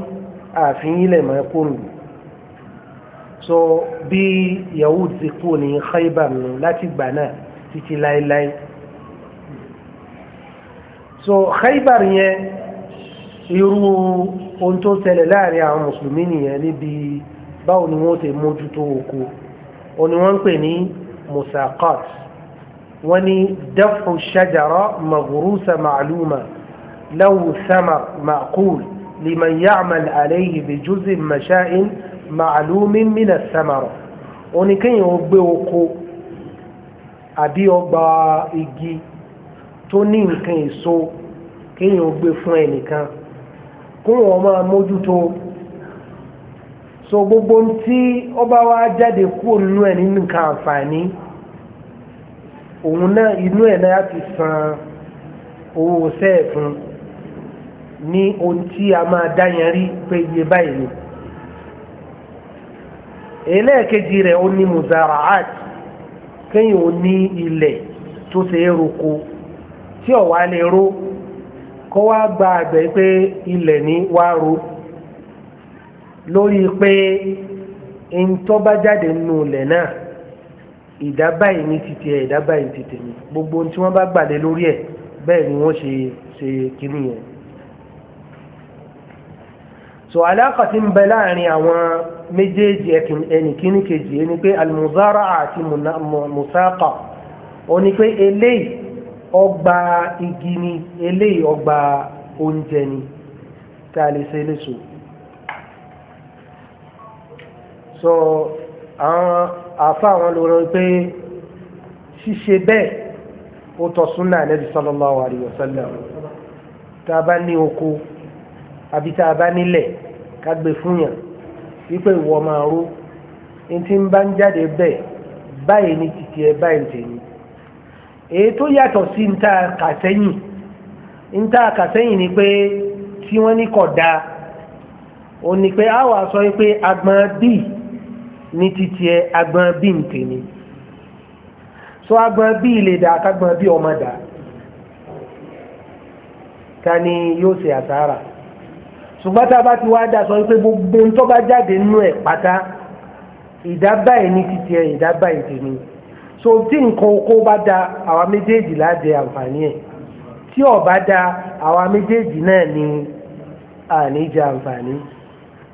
àfihàn ilẹ̀ máa kó nù so bí Yahud ti kú ní Khaybar nù láti gbà náà títí láéláé so Khaybar yẹn irú ohun tó ṣẹlẹ̀ láàrin àwọn mùsùlùmí nìyẹn níbi báwo ni wọ́n ti mójútó oko òun ni wọ́n ń pè ní musaqat wọ́n ní dafu shajara maghurusa ma'luma lawu samar ma'qul liman ya'mal alayhi bi juz'in masha'in ma'lumin min as-samara òun ni kéèyàn ó gbé oko àbí ọgbà igi tó ní nǹkan èso kéèyàn ó gbé fún ẹnìkan kún wọn máa mójútó so gbogbo tí ọba wa jáde kúrò nínú ẹ̀ nínú nǹkan àǹfààní òun náà inú ẹ̀ náà ti san owó sẹ́ẹ̀fún ní ohun tí a máa dá yẹn rí pé iye báyìí ni ẹlẹ́ẹ̀kejì rẹ̀ ó ní muzaraat kẹ́yìn ó ní ilẹ̀ tó ṣe é roko tí ọ̀wá lè ro kó wá gba àgbẹ̀ pé ilẹ̀ ní wá ro lórí pé ntọ́ bá jáde nù ilẹ̀ náà ìdá báyìí ní titi ẹ̀ ìdá báyìí titi mi gbogbo tí wọ́n bá gbàdé lórí ẹ̀ bẹ́ẹ̀ ni wọ́n ṣe ṣe kínní yẹn. so aláàkà tí ń bẹ láàrin àwọn méjèèjì ẹnì kíní kejì ẹni pé almuzara àti musaqa ó ní pé eléyìí ọgbà igi ni eléyìí ọgbà oúnjẹ ni tá a lè ṣe léṣo so àwọn àfa àwọn ló rọ pé ṣíṣe bẹ́ẹ̀ ó tọ́ súnà Ànábì sallallahu alaihi wasallam tá a bá ní oko àbí tá a bá nílẹ̀ ká gbé fún wípé ìwọ máa ró ní tí ń bá ń jáde bẹ́ẹ̀ báyìí ní títí ẹ báyìí tèmi èyí tó yàtọ̀ sí níta kàsẹ́yìn níta kàsẹ́yìn ni pé tí wọ́n ní kọ̀ da ò ní pé a wà sọ pé agbọn bí ní titi ẹ agbọn bí nìkan ni so agbọn bí lè dà kágbọn bí ọmọ dà ta ni yóò ṣe àsárà ṣùgbọ́n tá a bá ti wá dà sọ pé gbogbo ń bá jáde nínú ẹ̀ pátá ìdá báyìí ní titi ẹ ìdá báyìí tèmi so tí nǹkan oko bá da àwa méjèèjì lájẹ àǹfààní ẹ̀ tí ó da àwa méjèèjì náà ni àní jẹ àǹfààní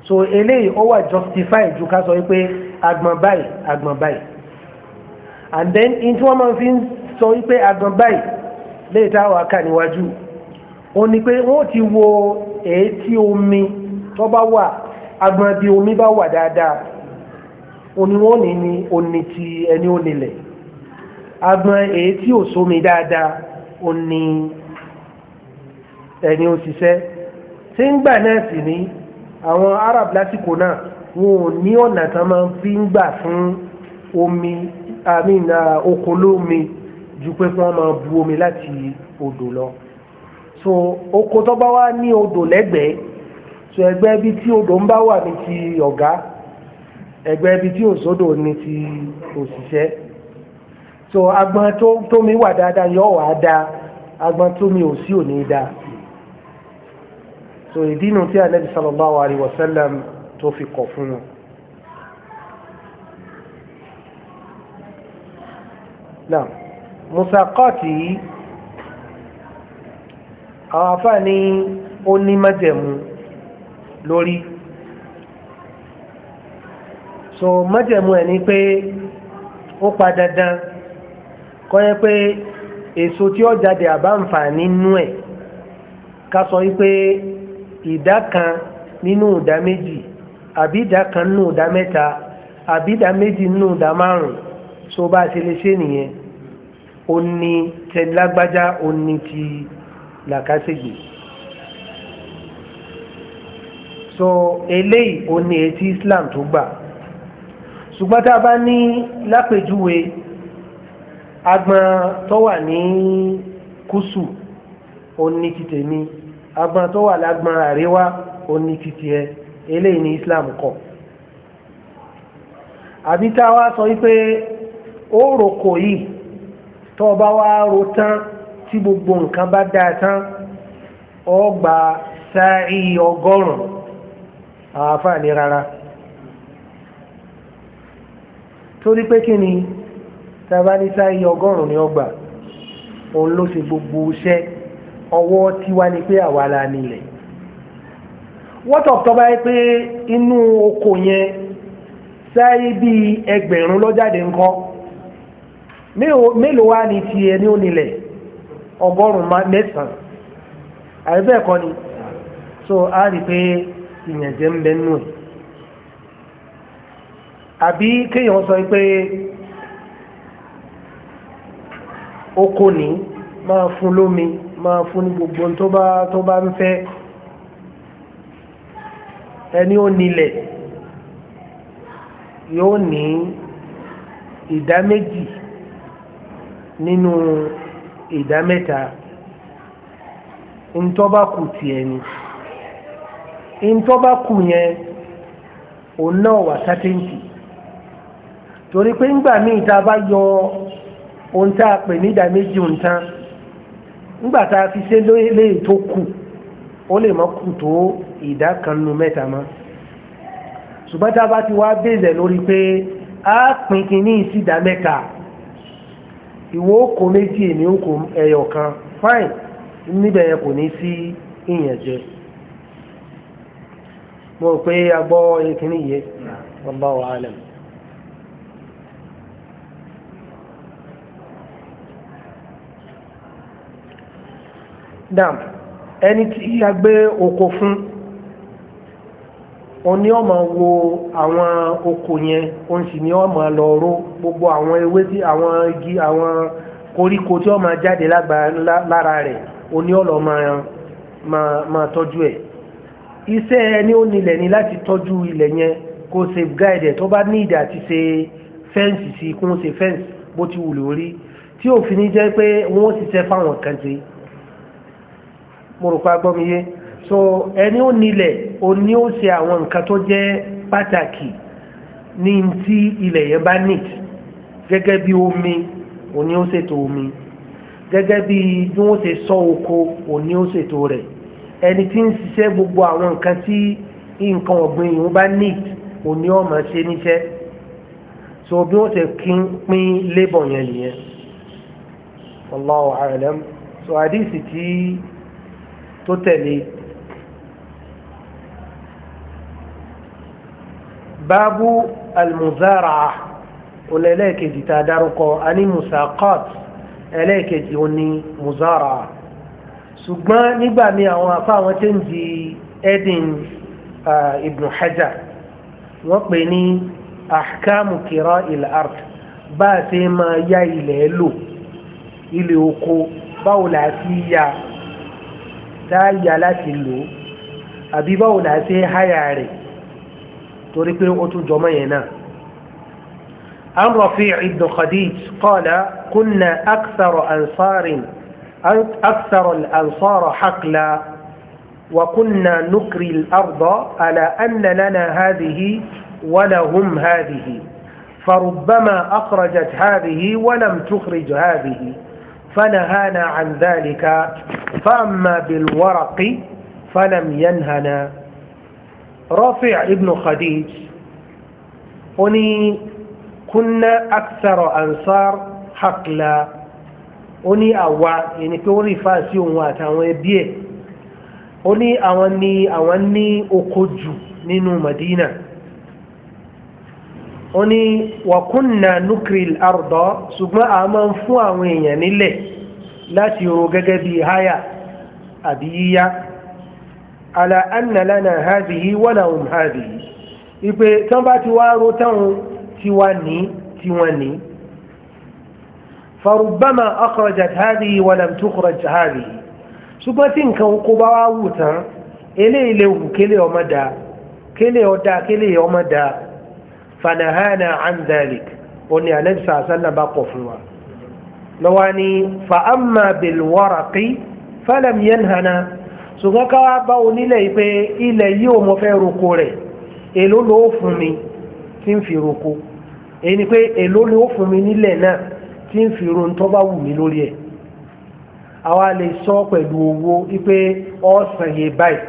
so eléyìí ó wà justify ju ká sọ wípé agbọn báyìí agbọn báyìí and then in tí wọ́n máa fi ń sọ wípé agbọn báyìí léyìí táwọn aká níwájú ó ní pé wọ́n ti wo èyí tí omi tó bá wà agbọn bí omi bá wà dáadáa òní wọ́n ní ní oní ti ẹni ó nílẹ̀ agbọn èyí tí ò sómi dáadáa ó ní ẹni òṣìṣẹ́ tí ń gbà náà sì ní àwọn Arab lásìkò náà wọn ò ní ọ̀nà tán máa fi ń gbà fún omi àmìnà oko ju pé kí wọ́n máa bu omi láti odò lọ so oko tó bá wá ní odò lẹ́gbẹ̀ẹ́ so ẹgbẹ́ ibi tí odò ń bá wà ní ti ọ̀gá ẹgbẹ́ ibi tí òsodò ní ti òṣìṣẹ́ so agbọn tó tó mi wà dáadáa yọ wà dáa agbọn tó mi ò sí ò ní dáa so ìdí nu tí anabi sallallahu alayhi wa sallam tó fi kọ̀ fún un. náà musaqati yìí àwọn afáàní ó ní májẹ̀mú lórí so májẹ̀mú ẹ̀ ni pé ó pa dandan kọ́ yẹ pé èso tí ó jáde àbáǹfààní nú ẹ̀ ká sọ wípé ìdá kan nínú ìdá méjì àbí ìdá kan nínú ìdá mẹ́ta àbí ìdá méjì nínú ìdá márùn-ún so bá a ṣe lè ṣe nìyẹn ó ní tẹ̀lágbájá ó ní ti làkàṣègbè so eléyìí ó ní etí Islam tó gbà ṣùgbọ́n tá a bá ní lápèjúwe agbọn tó wà ní kúsù ó ní títẹ mi agbọn tó wà lágbọn àríwá ó ní títẹ ẹ eléyìí ní Islam kọ àbí wá sọ wípé ó roko yìí tó o bá wá ro tán tí gbogbo nǹkan bá dáa tán ó gba sáì ọgọ́rùn-ún àwọn afáàní rárá torí pé kí ni tabani sáyé ọgọ́rùn ni ọgbà òun ló ṣe gbogbo iṣẹ́ ọwọ́ tiwa ni pé àwa la nílẹ̀ wọ́tọ̀ tọ́ba yẹ pé inú oko yẹn sáyé bíi ẹgbẹ̀rún lọ́jáde ńkọ́ mélòó wá ní tiẹ̀ ní onílẹ̀ ọgọ́rùn-ún mẹ́sàn-án àìbẹ́ẹ̀ kọ́ ni so a rí i pé ìyànjẹ́ ń bẹ nù ẹ̀ àbí kéèyàn sọ pé oko ní máa fún lómi máa fún ní gbogbo tó bá tó bá ń fẹ́ ẹni ó nílẹ̀ yóò ní ìdá méjì nínú ìdá mẹ́ta ntọ́ba kù tiẹ̀ ni ntọ́ba kù yẹn òun náà wà sátẹ́ǹtì torí pé ńgbà míì tá a bá yọ ohun tá a pè ní ìdá méjì ń tán tá a fi ṣe léyìí tó kù ó lè má kù tó ìdá kan nu mẹ́ta mọ́ ṣùgbọ́n a bá ti wá bèèrè lórí pé a pín kínní sí ìdá mẹ́ta ìwọ kò méjì èmi ń kan fine níbẹ̀ yẹn kò ní sí ìyẹn mo pe dam ẹni tí a gbé oko fún oní ọmọ wo àwọn oko yẹn o sì ní ọmọ lọ ró gbogbo àwọn ewé tí àwọn igi àwọn koríko tí ó máa jáde lára rẹ̀ oní ọlọ máa tọ́jú ẹ̀ iṣẹ́ ẹni ó nílẹ̀ ni láti tọ́jú ilẹ̀ yẹn kó safeguard ẹ̀ tó bá ní ìdí àti ṣe fẹ́ǹsì sí kó ṣe fẹ́ǹsì bó ti wù lórí tí òfin jẹ́ pé wọ́n ṣiṣẹ́ fáwọn kan ṣe mo rò pé so ẹni ó nílẹ̀ ó ní ó ṣe àwọn nǹkan tó jẹ́ pàtàkì ní ti ilẹ̀ yẹn bá nìt gẹ́gẹ́ bí omi ó ní ó ṣètò omi gẹ́gẹ́ bí bí wọ́n ṣe sọ oko ó ní ó ṣètò rẹ̀ ẹni tí ń ṣiṣẹ́ gbogbo àwọn nǹkan tí nǹkan ọ̀gbìn yìí bá nìt ó ní ó ṣe níṣẹ́ so bí wọ́n ṣe pín lébọ̀ yẹn nìyẹn Allahu a'lam so àdìsí tí tó tẹ̀lé báàbù almuzara òun ẹlẹ́ẹ̀kejì tá a dárúkọ a ní musaqat ẹlẹ́ẹ̀kejì òun ní muzara ṣùgbọ́n nígbà míì àwọn afá àwọn tó ń di edin uh, ibn hajar wọ́n pè ní ahkamu kira il ard bá a ṣe máa yá ilẹ̀ lò ilẹ̀ oko báwo la fi yá tá a yà láti lò ó àbí báwo là á ṣe háyà rẹ̀ torí pé عن رفيع بن خديج قال كنا أكثر أنصار أكثر الأنصار حقلا وكنا نكري الأرض على أن لنا هذه ولهم هذه فربما أخرجت هذه ولم تخرج هذه فنهانا عن ذلك فأما بالورق فلم ينهنا رافع ابن خديج أني كنا أكثر أنصار حقلا أني أوا يعني كوني فاسي واتاوي بيه أني أواني أواني أكجو نينو مدينة أني وكنا نكري الأرض سبما أمان فوا وين يعني ليه láti ro gẹ́gẹ́ bí háyà àbí yíyá ala anna lana hadhihi wa lahum hadhihi ìpè tán bá ti wá ro táwọn tiwa ní tiwọn ní. farubbama akhrajat hadhihi wa lam tukhraj hadhihi ṣùgbọ́n tí nǹkan kó bá wá wù tán eléyìí lè wù kélé ọmọ dáa kélé ọ̀dà kélé ọmọ dáa fanahana an dhalik ó ní kọ̀ fún wa lọ́wọ́ ni fa'amma bil waraqi falam yanhana ṣùgbọ́n ká wá bá onílẹ̀ yìí pé ilẹ̀ yìí ò mọ fẹ́ roko rẹ̀ èló ló fún mi tí ń fi roko èyí ni pé èló ló fún mi nílẹ̀ náà tí ń fi ron tó bá wù mí lórí ẹ̀ àwa lè sọ pẹ̀lú owó wípé ọ̀sán yẹ báyìí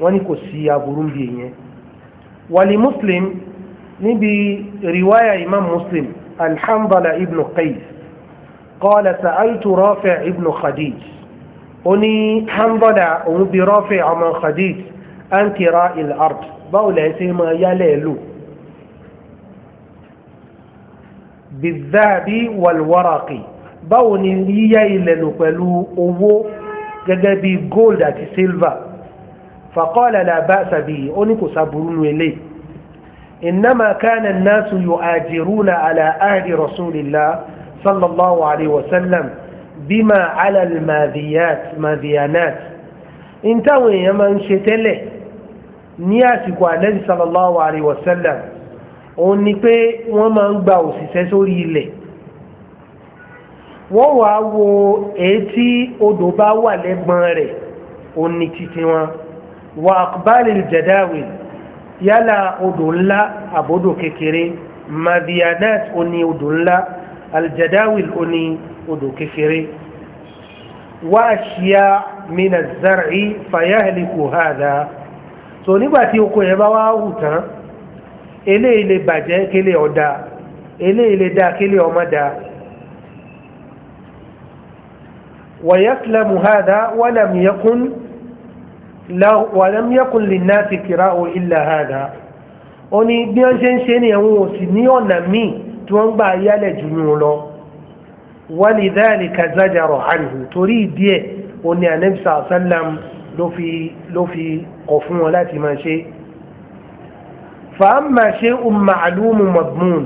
wọ́n ní kò sí aburú bíi yẹn wàlí muslim níbi rìwáyà imam muslim. الحنظل ابن قيس قال سألت رافع ابن خديج أني حنظل أم برافع من خديج أنت تراء الأرض بولا سيما يليلو بالذهب والورق بوني لي يليلو pẹ̀lú owó gẹ́gẹ́ bí gold àti silver فقال لا بأس به أني كسابرون إليه إنما كان الناس يؤاجرون على أهل رسول الله صلى الله عليه وسلم بما على الماذيات ماذيانات إن تاوي يمن شتله نياسك النبي صلى الله عليه وسلم òun ni pé wọ́n máa ń gba òṣìṣẹ́ sórí ilẹ̀ wọ́n wàá wo èyí odò bá wà lẹ́gbọ̀n rẹ̀ òun wọn wà bá lè jẹ̀dáwìlì yálà odò ńlá àbódò kékeré madianat oní odò ńlá aljadawil oní odò kékeré wá ṣíà mina zari fayahliku hada so nígbà tí oko yẹn bá wá hù tán eléyìí lè bàjẹ́ kélé ọ̀dà eléyìí lè dá kélé ọmọ dáa. ويسلم هذا ولم wàlẹ́m yẹ́kùn lè náà ti kìrá o ilẹ̀ àdá ó ní bí wọ́n ṣe ń ṣe ni àwọn òsì ní ọ̀nà míì tí wọ́n ń gbà yálẹ̀ jù yún lọ wálé dáàlì kazaja rọ̀ àlùhù torí ìdí ẹ̀ ó ní sálàm ló fi kọ̀ fún wọn láti máa ṣe. fàámà ṣe um màálùmù mọ̀gbùn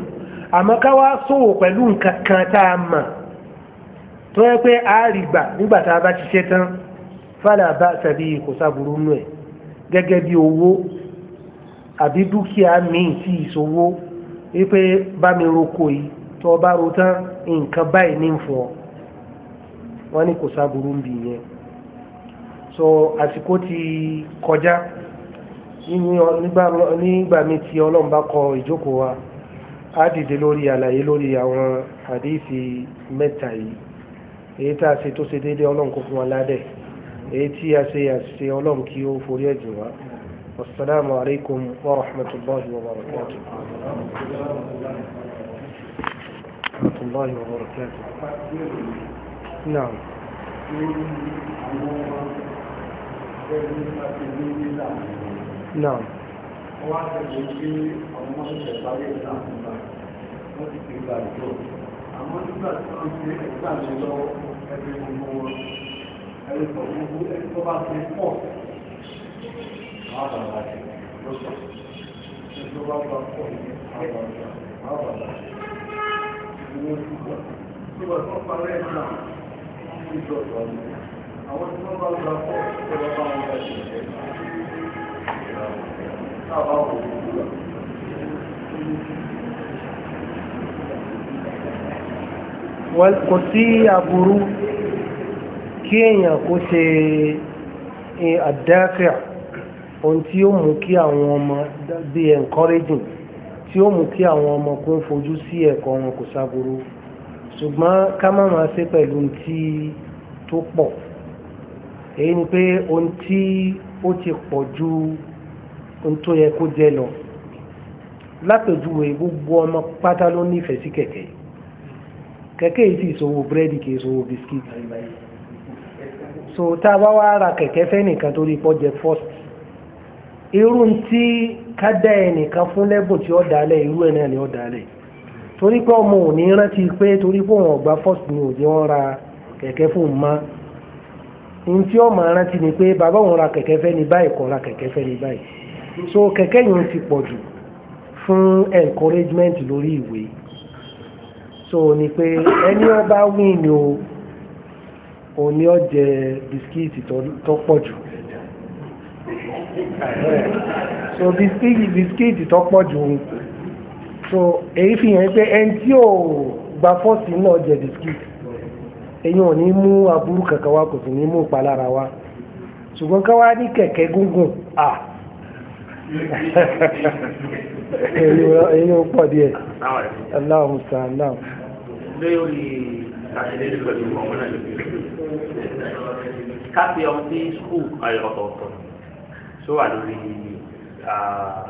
àmọ́ ká wá sòwò pẹ̀lú nǹkan kan tá a mọ̀ tó yẹ pé a rí gbà nígbà tá a bá ṣiṣẹ́ tán. Fala bá tàbí kò sábúrú nù ẹ̀ gẹ́gẹ́ bí owó àbí dúkìá míì tí ìṣòwò wípé bá mi roko yìí tó o ro tán nǹkan báyìí ní fún ọ ní kò sábúrú bì yẹn so àsìkò ti kọjá nígbà mi tí ọlọ́run bá kọ ìjókòó wa á dìde lórí àlàyé lórí àwọn àdéhìsì mẹ́ta yìí èyí tá a ṣe tó ṣe déédéé ọlọ́run kò fún wa ládẹ́ẹ̀ èyí tí a ṣe àṣìṣe ọlọ́run kí ó forí ẹ̀jẹ̀ wá wasalaamu alaykum wa rahmatulahi wa barakatu. rahmatulahi wa barakatu. naam. naam. wọ́n á tẹ̀lé sí ọmọ ìṣẹ̀lẹ̀ ìlànà wọ́n ti fi gbàgbọ́ àmọ́ nígbà tí wọ́n ti gbàgbọ́ lọ́wọ́ ẹgbẹ́ gbogbo wọn ẹni tó gbogbo ẹni tó bá ti pọ̀ àwọn àgbà lọ́sọ̀ ẹni tó bá bá pọ̀ àwọn àgbà àwọn àgbà ìwé ìgbà nígbà tó parẹ́ náà ìjọ ìwàlú àwọn tí wọ́n bá pọ̀ tó bá bá wọn bá ṣe ìṣẹ́ tábà wò ó gbúgbà. Kò sí àbúrú kí èèyàn kó ṣe àdáfíà ohun tí ó mú kí àwọn ọmọ bíi encouraging tí ó mú kí àwọn ọmọ kó ń fojú sí ẹ̀kọ́ wọn kò sáburú ṣùgbọ́n ká má máa ṣe pẹ̀lú tí tó pọ̀ èyí ni pé ohun tí ó ti pọ̀ ju ohun tó yẹ kó jẹ lọ lápèjúwe gbogbo ọmọ pátá ló nífẹ̀ẹ́ sí kẹ̀kẹ́ kẹ̀kẹ́ yìí sì ṣòwò búrẹ́dì kì í ṣòwò bisikíìtì so tá a bá wá ra kẹ̀kẹ́ fẹ́nìkan torí pọ́ jẹ first irú tí ká dá ẹnìkan fún lẹ́bùn tí ó dálẹ̀ irú ẹ̀ náà ni ó dálẹ̀ torí pé ọmọ ò ní rántí pé torí pé òun ọ̀gbá first ni òjì wọn ra kẹ̀kẹ́ fún un mọ́ ohun tí ọmọ rántí ni pé bàbá òun ra kẹ̀kẹ́ fẹ́ ni báyìí kọ́ ra kẹ̀kẹ́ fẹ́ ni báyìí so kẹ̀kẹ́ yìí ti pọ̀ jù fún encouragement lórí ìwé so ni pé ẹni ọba win ni o. òun ni ó jẹ bisikíìtì tó pọ̀ jù so bisikíìtì bisikíìtì tó pọ̀ jù so èyí fi hàn pé ẹni tí ò gba fọ́ọ̀sì náà jẹ bisikíìtì èyí ò ní mú aburú kankan wá kò sì ní mú ìpalára wá ṣùgbọ́n ká wá ní kẹ̀kẹ́ gúngùn à èyí ò pọ̀ díẹ̀ aláwọ̀ sàn náà káfíà ọ̀hún sí skul ọ̀tọ̀ọ̀tọ̀ tó wà lórí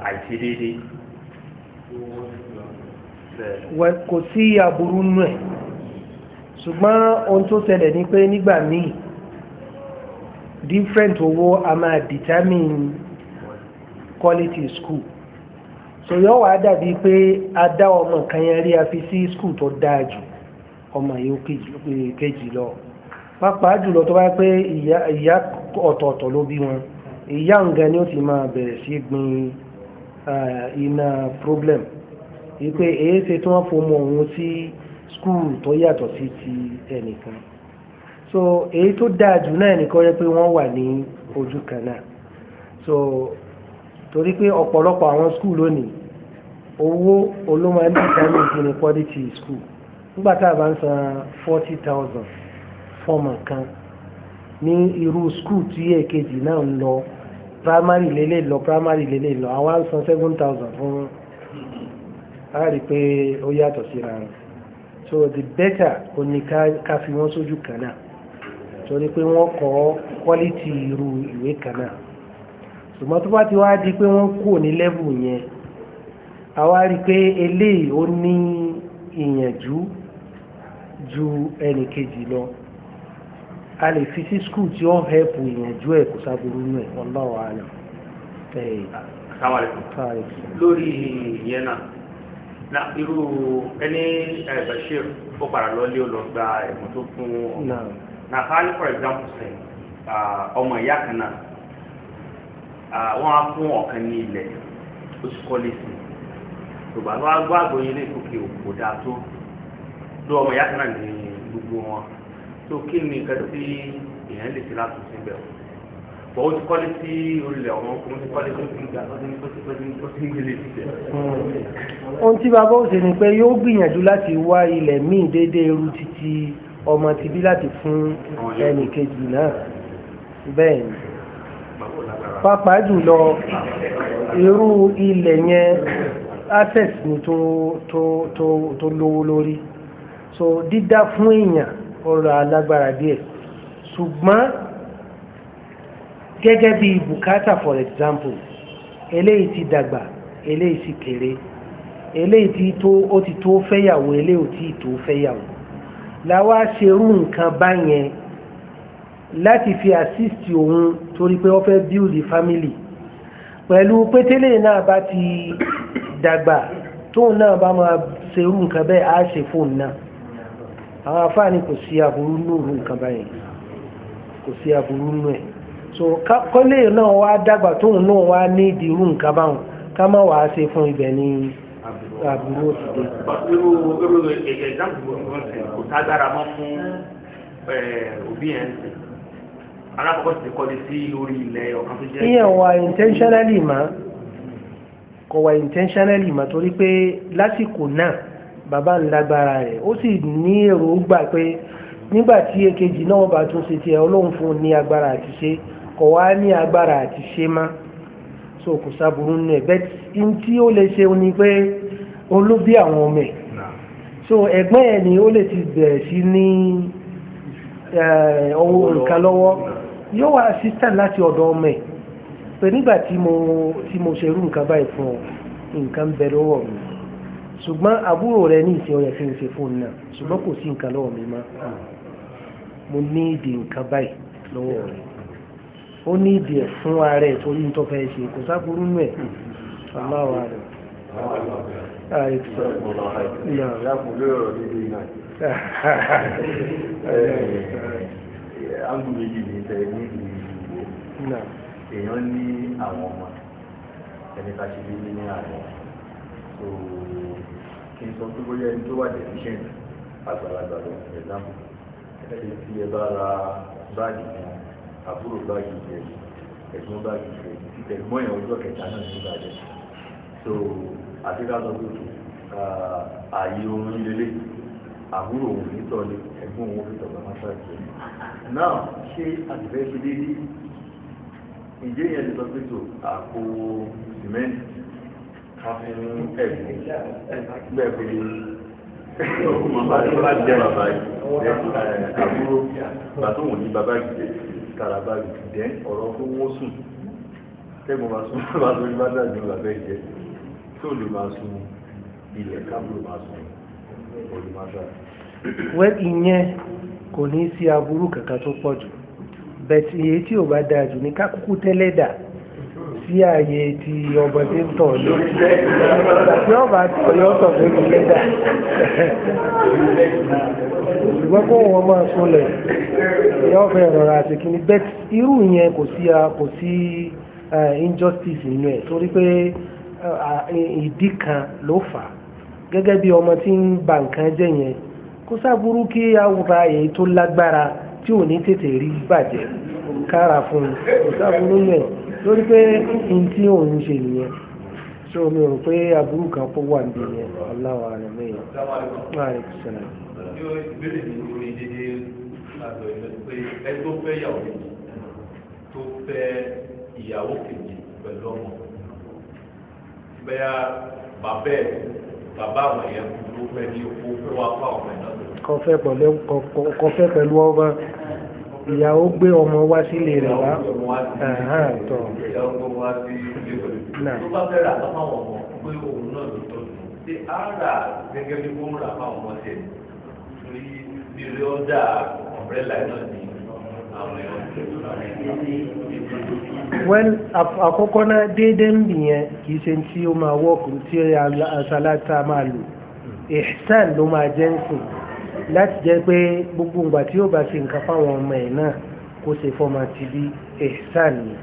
àìṣedéédé. kò sí aburú nù ẹ̀ ṣùgbọ́n ohun tó ṣẹlẹ̀ ni pé nígbà míì different owó a máa determine quality school so yóò wá dàbí pé a dá ọmọ kan yẹn rí a fi sí skul tó dáa jù ọmọ yìí ó kejì lọ pàápàá jùlọ tó bá pé ìyá ọ̀tọ̀ọ̀tọ̀ ló bí wọn ìyá nǹkan ni ó ti máa bẹ̀rẹ̀ sí gbin iná problem wípé èyí ṣe tí wọ́n fọmọ òun sí skul tó yàtọ̀ sí ti ẹnìkan so èyí tó dáa jù náà nìkan yẹ pé wọ́n wà ní ojú kan náà so torí pé ọ̀pọ̀lọpọ̀ àwọn skul lónìí owó olómọ ẹni tí ká ní ìpínlẹ̀ quality skul nígbà tá a bá ń san forty thousand fọ́mọ kan ní irú skul tí èkejì náà ń lọ primary lélẹ̀ lọ primary lélẹ̀ lọ àwọn á san seven thousand fún a rí pé ó yàtọ̀ síra rẹ̀ so the better o ní ká fi wọ́n sójú kan náà torí pé wọ́n kọ́ quality irú ìwé kan náà ṣùgbọ́n tó bá ti wá di pé wọ́n kúrò ní level yẹn àwa rí i pé eléyìí ó ní ìyànjú ju ẹnì kejì lọ a lè fi sí skul tí ó hẹ́pù ìyànjú ẹ̀ kó sábúrú nù ẹ̀ wallahu alam. lórí ìyẹn náà na irú ẹni Bashir ó padà lọ́lé ó lọ gba ẹ̀mọ́ tó fún ọmọ na hali for example sẹ́yìn ọmọ ìyá kan náà wọ́n á fún ọ̀kan ní ilẹ̀ oṣù kọ́lé sí tòbá lọ́wọ́ gbọ́ àgbọ̀yé lè kókè òkò dáa tó lọ́wọ́ ọmọ ìyá kan náà ní gbogbo wọn tó kí ni nǹkan tí èèyàn lè ṣe láti síbẹ̀ o bọ̀ ó ti kọ́lé sí olùlẹ̀ ọ̀wọ́n kò ti kọ́lé tó ti ń gbà tó ti ń gbélé síbẹ̀. ohun tí bàbá òsè ni pé yóò gbìyànjú láti wá ilẹ̀ míì déédéé irú títí ọmọ tìbí láti fún ẹnì kejì náà bẹ́ẹ̀ ni pàápàá jùlọ irú ilẹ̀ yẹn access ni tó lówó lórí so dídá fún èèyàn ọ̀rọ̀ alágbára díẹ̀ ṣùgbọ́n gẹ́gẹ́ bí bùkátà for example eléyìí ti dàgbà eléyìí sì kéré eléyìí ti tó ó ti tó fẹ́yàwó eléyìí ò tí ì tó fẹ́yàwó làwa ṣerú nǹkan báyẹn láti fi assist òun torí pé wọ́n fẹ́ build family pẹ̀lú pétélé náà bá ti dàgbà tóun náà bá máa ṣerú nǹkan bẹ́ẹ̀ á ṣe fóun náà àwọn afáàní kò sí aburú lóru nǹkan báyìí kò sí aburú nù ẹ̀ so kọ́lé náà wá dàgbà tóun náà wá ní ìdí irú nǹkan báwọn ká má wàá ṣe fún ibẹ̀ ní àbúrò òtítẹ́. irú irú ẹ̀ẹ́dàgbò kò tágbára mọ́ fún òbí ẹ̀ ń sìn alákọ̀ọ́kọ́ ti kọ́lé sí orí ilẹ̀ ọ̀kan tó jẹ́. ìyẹn wà intentionally mà kò wà intentionally mà torí pé lásìkò náà bàbá ń lágbára rẹ̀ ó sì ní èròǹgbà pé nígbà tí èkejì náà bá tún ṣe tiẹ̀ ọlọ́run fún un ní agbára àti ṣe kò wá ní agbára àti ṣe má so kò sábúrú nù ẹ̀ bẹ́ẹ̀ tí ó lè ṣe ni pé olóbí àwọn ọmọ ẹ̀ so ẹ̀gbọ́n ẹ̀ ni ó lè ti bẹ̀rẹ̀ sí ní ọwọ́ eh, nǹkan lọ́wọ́ yóò wá assistant láti ọ̀dọ̀ ọmọ ẹ̀ pé nígbà tí mo ṣerú nǹkan báyìí fún ọ nǹkan bẹ lọ́wọ́ mi ṣùgbọ́n àbúrò rẹ ní ìsìn ọ̀yẹ̀ fi ń ṣe fún un náà ṣùgbọ́n kò sí nǹkan lọ́wọ́ mi mọ́ mo ní ìdí nǹkan báyìí lọ́wọ́ rẹ ó ní ìdí ẹ̀ fún ara ẹ̀ torí tó fẹ́ ṣe kò sáburú nù ẹ̀ aláwa rẹ̀. èèyàn ní àwọn ọmọ ẹni ká ṣe bí ní àwọn tó kí n sọ pé bóyá ẹni tó wà tẹ̀síṣẹ́ǹ àgbàlagbà ló ń fẹ́ dáhùn ẹni tí ẹ bá ra báàgì kan àbúrò báàgì jẹ ẹ̀gbọ́n báàgì jẹ ìtẹ̀gbọ́n yẹn ọjọ́ kẹta náà ní ìbàdàn so àti ká sọ pé ààyè oorun lélẹ̀ àbúrò òun ní tọ́lé ẹ̀gbọ́n òun fi tọ̀gbà máa ṣáàjẹ́ náà ṣé àtìfẹ́ ṣe déédéé ìdí yẹn ti sọ pé tó àpò sìmẹ́ǹtì káfíń ẹ̀gbìn gbẹ̀gbẹ̀ bàbá tó bá jẹ́ bàbá yìí àbúrò bàtò wọ́n ní bàbá yìí kára bá yìí dẹ́ ọ̀rọ̀ tó wọ́n sùn tẹ́gbọ̀n bá sùn bàbá tó ní bá dàjú bàbá yìí jẹ́ tó lè máa sun ilẹ̀ kábùrò máa sun olùmọ̀ṣá. wẹ́ ìyẹn kò ní sí aburú kankan tó pọ̀ jù bẹ̀tì èyí tí ò bá dáa jù ní kákúkú tẹ́lẹ̀ sí ààyè ti ọgbọ̀n tí ń tọ̀ lọ tí ọba tọ̀ yọ tọ̀ lórí lẹ́dà ṣùgbọ́n kó wọn máa sọlẹ̀ yọ fẹ́ rọra àti kíní bẹ́ẹ̀ irú yẹn kò sí kò sí injustice nínú ẹ̀ torí pé ìdí kan ló fà á gẹ́gẹ́ bí ọmọ tí ń ba nǹkan jẹ́ yẹn kó sábúrú kí awùra èyí tó lágbára tí ò ní tètè rí bàjẹ́ kára fún un kó sábúrú yẹn lórí pé n tí òun ṣe nìyẹn ṣé omi rò pé aburú kan fó wà ní dédé àgbẹ̀ ìlú pé ẹgbẹ́ fẹ́ yàwó kejì kọfẹ́ pẹ̀lú ọba ìyàwó gbé ọmọ wá sílé rẹ̀ wá tọ̀. tó bá fẹ́ rà lọ́mọ àwọn ọmọ pé òun náà ló tọ́jú ṣé á rà gẹ́gẹ́ bí wọ́n rà fáwọn ọmọ tẹ̀ torí bí ilé ọ̀dà ọ̀mbrẹ́là náà ní àwọn ẹ̀rọ. wẹ́n àkọ́kọ́ náà déédéé ń bì yẹn kì í ṣe tí ó máa wọ́ọ̀kù tí àṣálà máa lò ìṣàn ló máa jẹ́ ń sìn láti jẹ́ pé gbogbo ìgbà tí ó bá ṣe nǹkan fáwọn ọmọ ẹ̀ náà kó ṣe fọ́mọ ti bí ihsan ni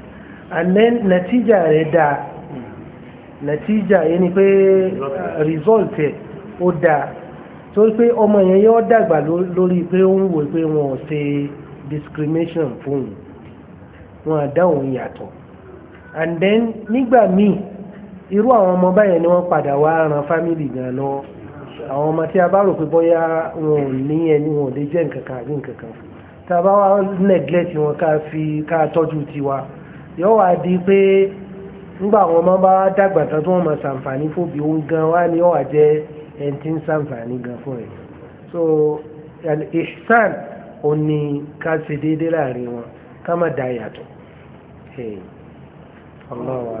àmẹ́ nàtíjà rẹ̀ dáa nàtíjà yẹn ni pé result ẹ̀ ó dáa torí pé ọmọ yẹn yóò dàgbà lórí pé ó ń wò pé wọn ṣe discrimination fún un wọn á dá òun yàtọ̀ and then nígbà míì irú àwọn ọmọ báyẹn ni wọ́n padà wá ran family gan lọ́wọ́ àwọn ọmọ tí a bá rò pé bóyá wọn ò ní ẹni wọn ò lè jẹ́ nǹkan kan àbí nǹkan kan tá a bá wá neglect wọn ká fi ká tọ́jú tiwa yóò wá di pé nígbà wọn máa bá dàgbà tán tí wọn máa ṣàǹfààní fòbí òun gan wá ni yóò wá ẹni tí ń ṣàǹfààní gan fún ẹ so ihsan ò ní ká ṣe déédéé láàrin wọn ká má da yàtọ̀. Hey. Allah wa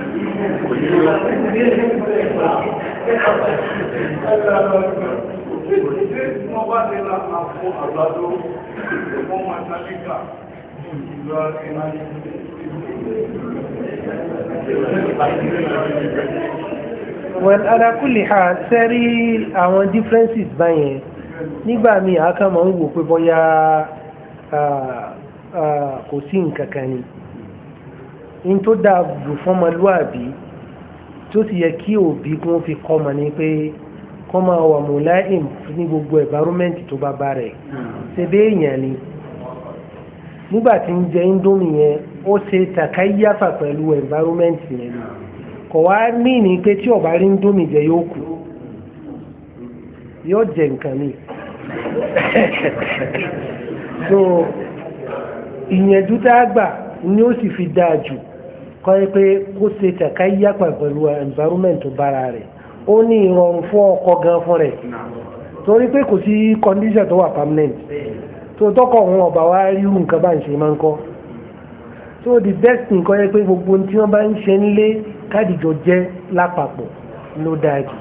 Tí wọ́n bá lè la àpò àgbàdo, wọ́n máa tàbíkà ìlú ẹ̀nà Well, ala sẹ́rí àwọn differences báyẹn nígbà míì ń wò pé ah, ah, kò sí nǹkan kan ni. in tó dáa jù fọ́mọlúàbí tó sì yẹ kí òbí kí wọ́n fi kọ́ ọmọ ni pé kọ́ máa wà mùláìm ní gbogbo ẹ̀bárúmẹ́ǹtì tó bá bá rẹ̀ ṣe èèyàn ni nígbà tí ń jẹ índómì yẹn ó ṣe tàkáyáfà pẹ̀lú ẹ̀bárúmẹ́ǹtì yẹn ni kò wá mí ni pé tí ó bá rí índómì jẹ yóò kú yóò jẹ nǹkan mi so ìyẹn dúdá gbà ni ó sì fi dáa jù kọ́ ẹ pé kó ṣe tẹ̀ka yíyàpá pẹ̀lú environment bára rẹ̀ ó ní ìrọ̀rùn fún ọkọ gan fún rẹ̀ torí pé kò sí condition tó wà permanent tó tọkọ òun ọba wa rí irú nǹkan bá ń ṣe máa ń kọ́ so the best thing kọ́ ẹ pé gbogbo tí wọ́n bá ń ṣe ń lé kádìjọ jẹ́ lápapọ̀ ló dáa jù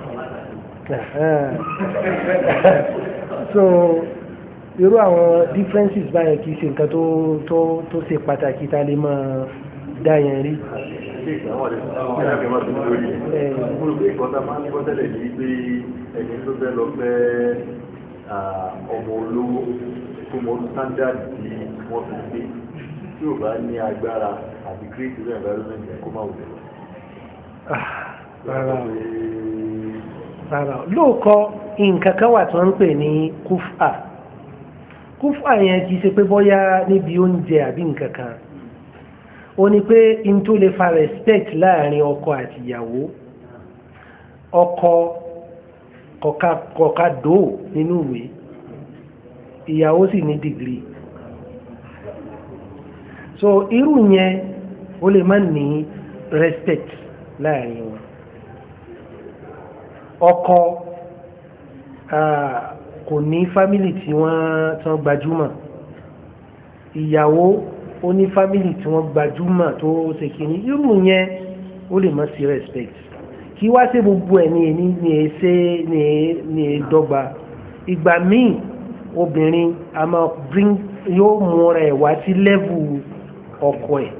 so irú àwọn differences báyẹn kì í ṣe nǹkan tó ṣe pàtàkì tá a lè máa dá yẹn rí. ṣé ìgbàwọ̀ rẹ̀ ṣe é ṣe máa ti lórí ẹ̀ mo rò pé ìkọ́ta máa ń gbọ́ tẹ́lẹ̀ yìí pé ẹni tó fẹ́ lọ fẹ́ ọmọ olówó tó mọ sáńdáàdì tí wọ́n fi gbé tí ò bá ní agbára àti kírètì rẹ̀ environment ẹ̀ kó má wù lọ. rárá lóòkọ́ nǹkan kan wà tí wọ́n ń pè ní kúfà kúfà yẹn kì í ṣe pé bọ́yá níbi oúnjẹ àbí nǹkan kan ó ní pé n tó lè fa respect láàrin ọkọ àti ìyàwó ọkọ kọ̀ọ̀ka dò nínú ìwé ìyàwó sì ní dìgírì so iru yẹn ó lè má ní respect láàrin wọn ọkọ kò ní family tí wọ́n gbajúmọ̀ ìyàwó ó ní fámìlì tí wọ́n gbajúmọ̀ tó ṣe kìíní irú yẹn ó lè má sí respect kí wá sí gbogbo ẹ̀ ní ẹni ní ẹ ṣe ní ẹ ní ẹ dọ́gba ìgbà míì obìnrin a máa bring yóò mú rẹ̀ wá sí lẹ́vù ọkọ ẹ̀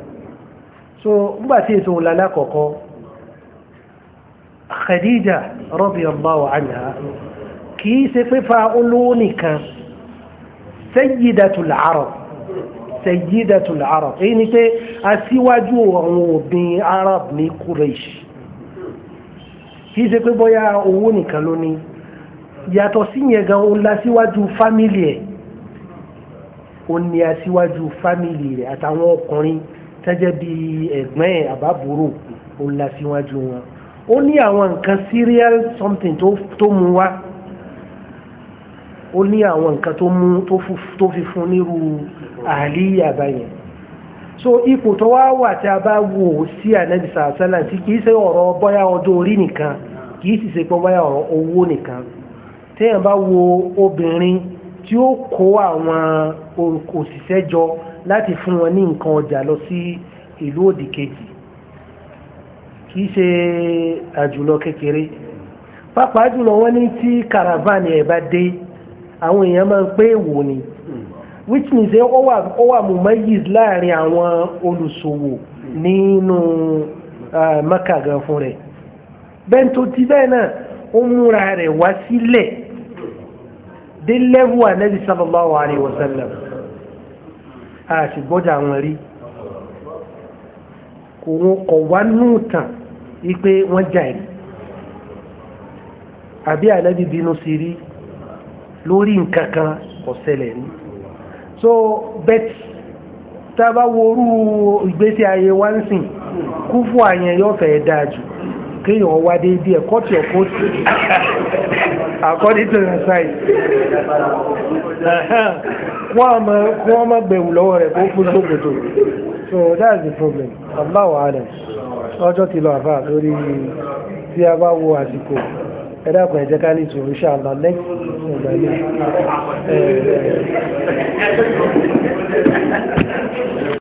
so nígbà tí èso wọn lálẹ́ àkọ́kọ́ Khadija radiyallahu anha kì í ṣe pé fa olówó nìkan sayyidatul arab sayyidatul arab èyí ni pé aṣíwájú àwọn obìnrin arab ní Quraysh kì í ṣe pé bóyá owó nìkan ló ní yàtọ̀ sí yẹn gan ó lásíwájú fámìlì ẹ̀ ó ní aṣíwájú fámìlì rẹ̀ àtàwọn ọkùnrin tẹ́jẹ́ bíi ẹ̀gbọ́n ẹ̀ àbábúrò ó lásíwájú wọn ó ní àwọn nǹkan serial something tó mú wá ó ní àwọn nǹkan tó fi fún nírú àhàlíyà báyẹn so ipò tó wá wà tí a bá wò ó sí ànábì sàásálà tí kì í ṣe ọ̀rọ̀ bóyá ọjọ́ orí nìkan kì í sì ṣe pé bóyá ọ̀rọ̀ owó nìkan téèyàn bá wo obìnrin tí ó kó àwọn òṣìṣẹ́ jọ láti fún wọn ní nǹkan ọjà lọ sí ìlú òdì kejì kì í àjùlọ kékeré pàápàá jùlọ wọn ní tí kàràvánì ẹ̀ bá dé àwọn èèyàn máa ń pé èèwọ̀ ni which means ẹ ọ wà ọ wà mumayiz láàrin àwọn olùsòwò nínú maka gan fún rẹ̀ bẹ́ẹ̀ tó ti bẹ́ẹ̀ náà ó múra rẹ̀ wá sílẹ̀ dé lẹ́wù anabi sallallahu alayhi wa sallam a sì gbọ́dọ̀ àwọn rí kò wọn kọ̀ wá nù tàn wípé wọ́n jà ẹ̀ àbí anabi bínú sí rí lórí nǹkan kan kò ṣẹlẹ̀ rí so bet tába worú ìgbésí ayé wá ń sìn kú fún àyẹn yóò fẹ́ dáa jù kéèyàn wá déédéé ẹ̀ cut your coat according to your size wọ́n á mọ kí wọ́n má gbẹ̀wù lọ́wọ́ rẹ̀ kó fún sókòtò so that's the problem allah wa adam ọjọ́ ti lọ àfà lórí tí a bá wo àsìkò ẹ dákun ẹ ká ní sùúrù ṣàlọ lẹ́yìn ìgbà yìí.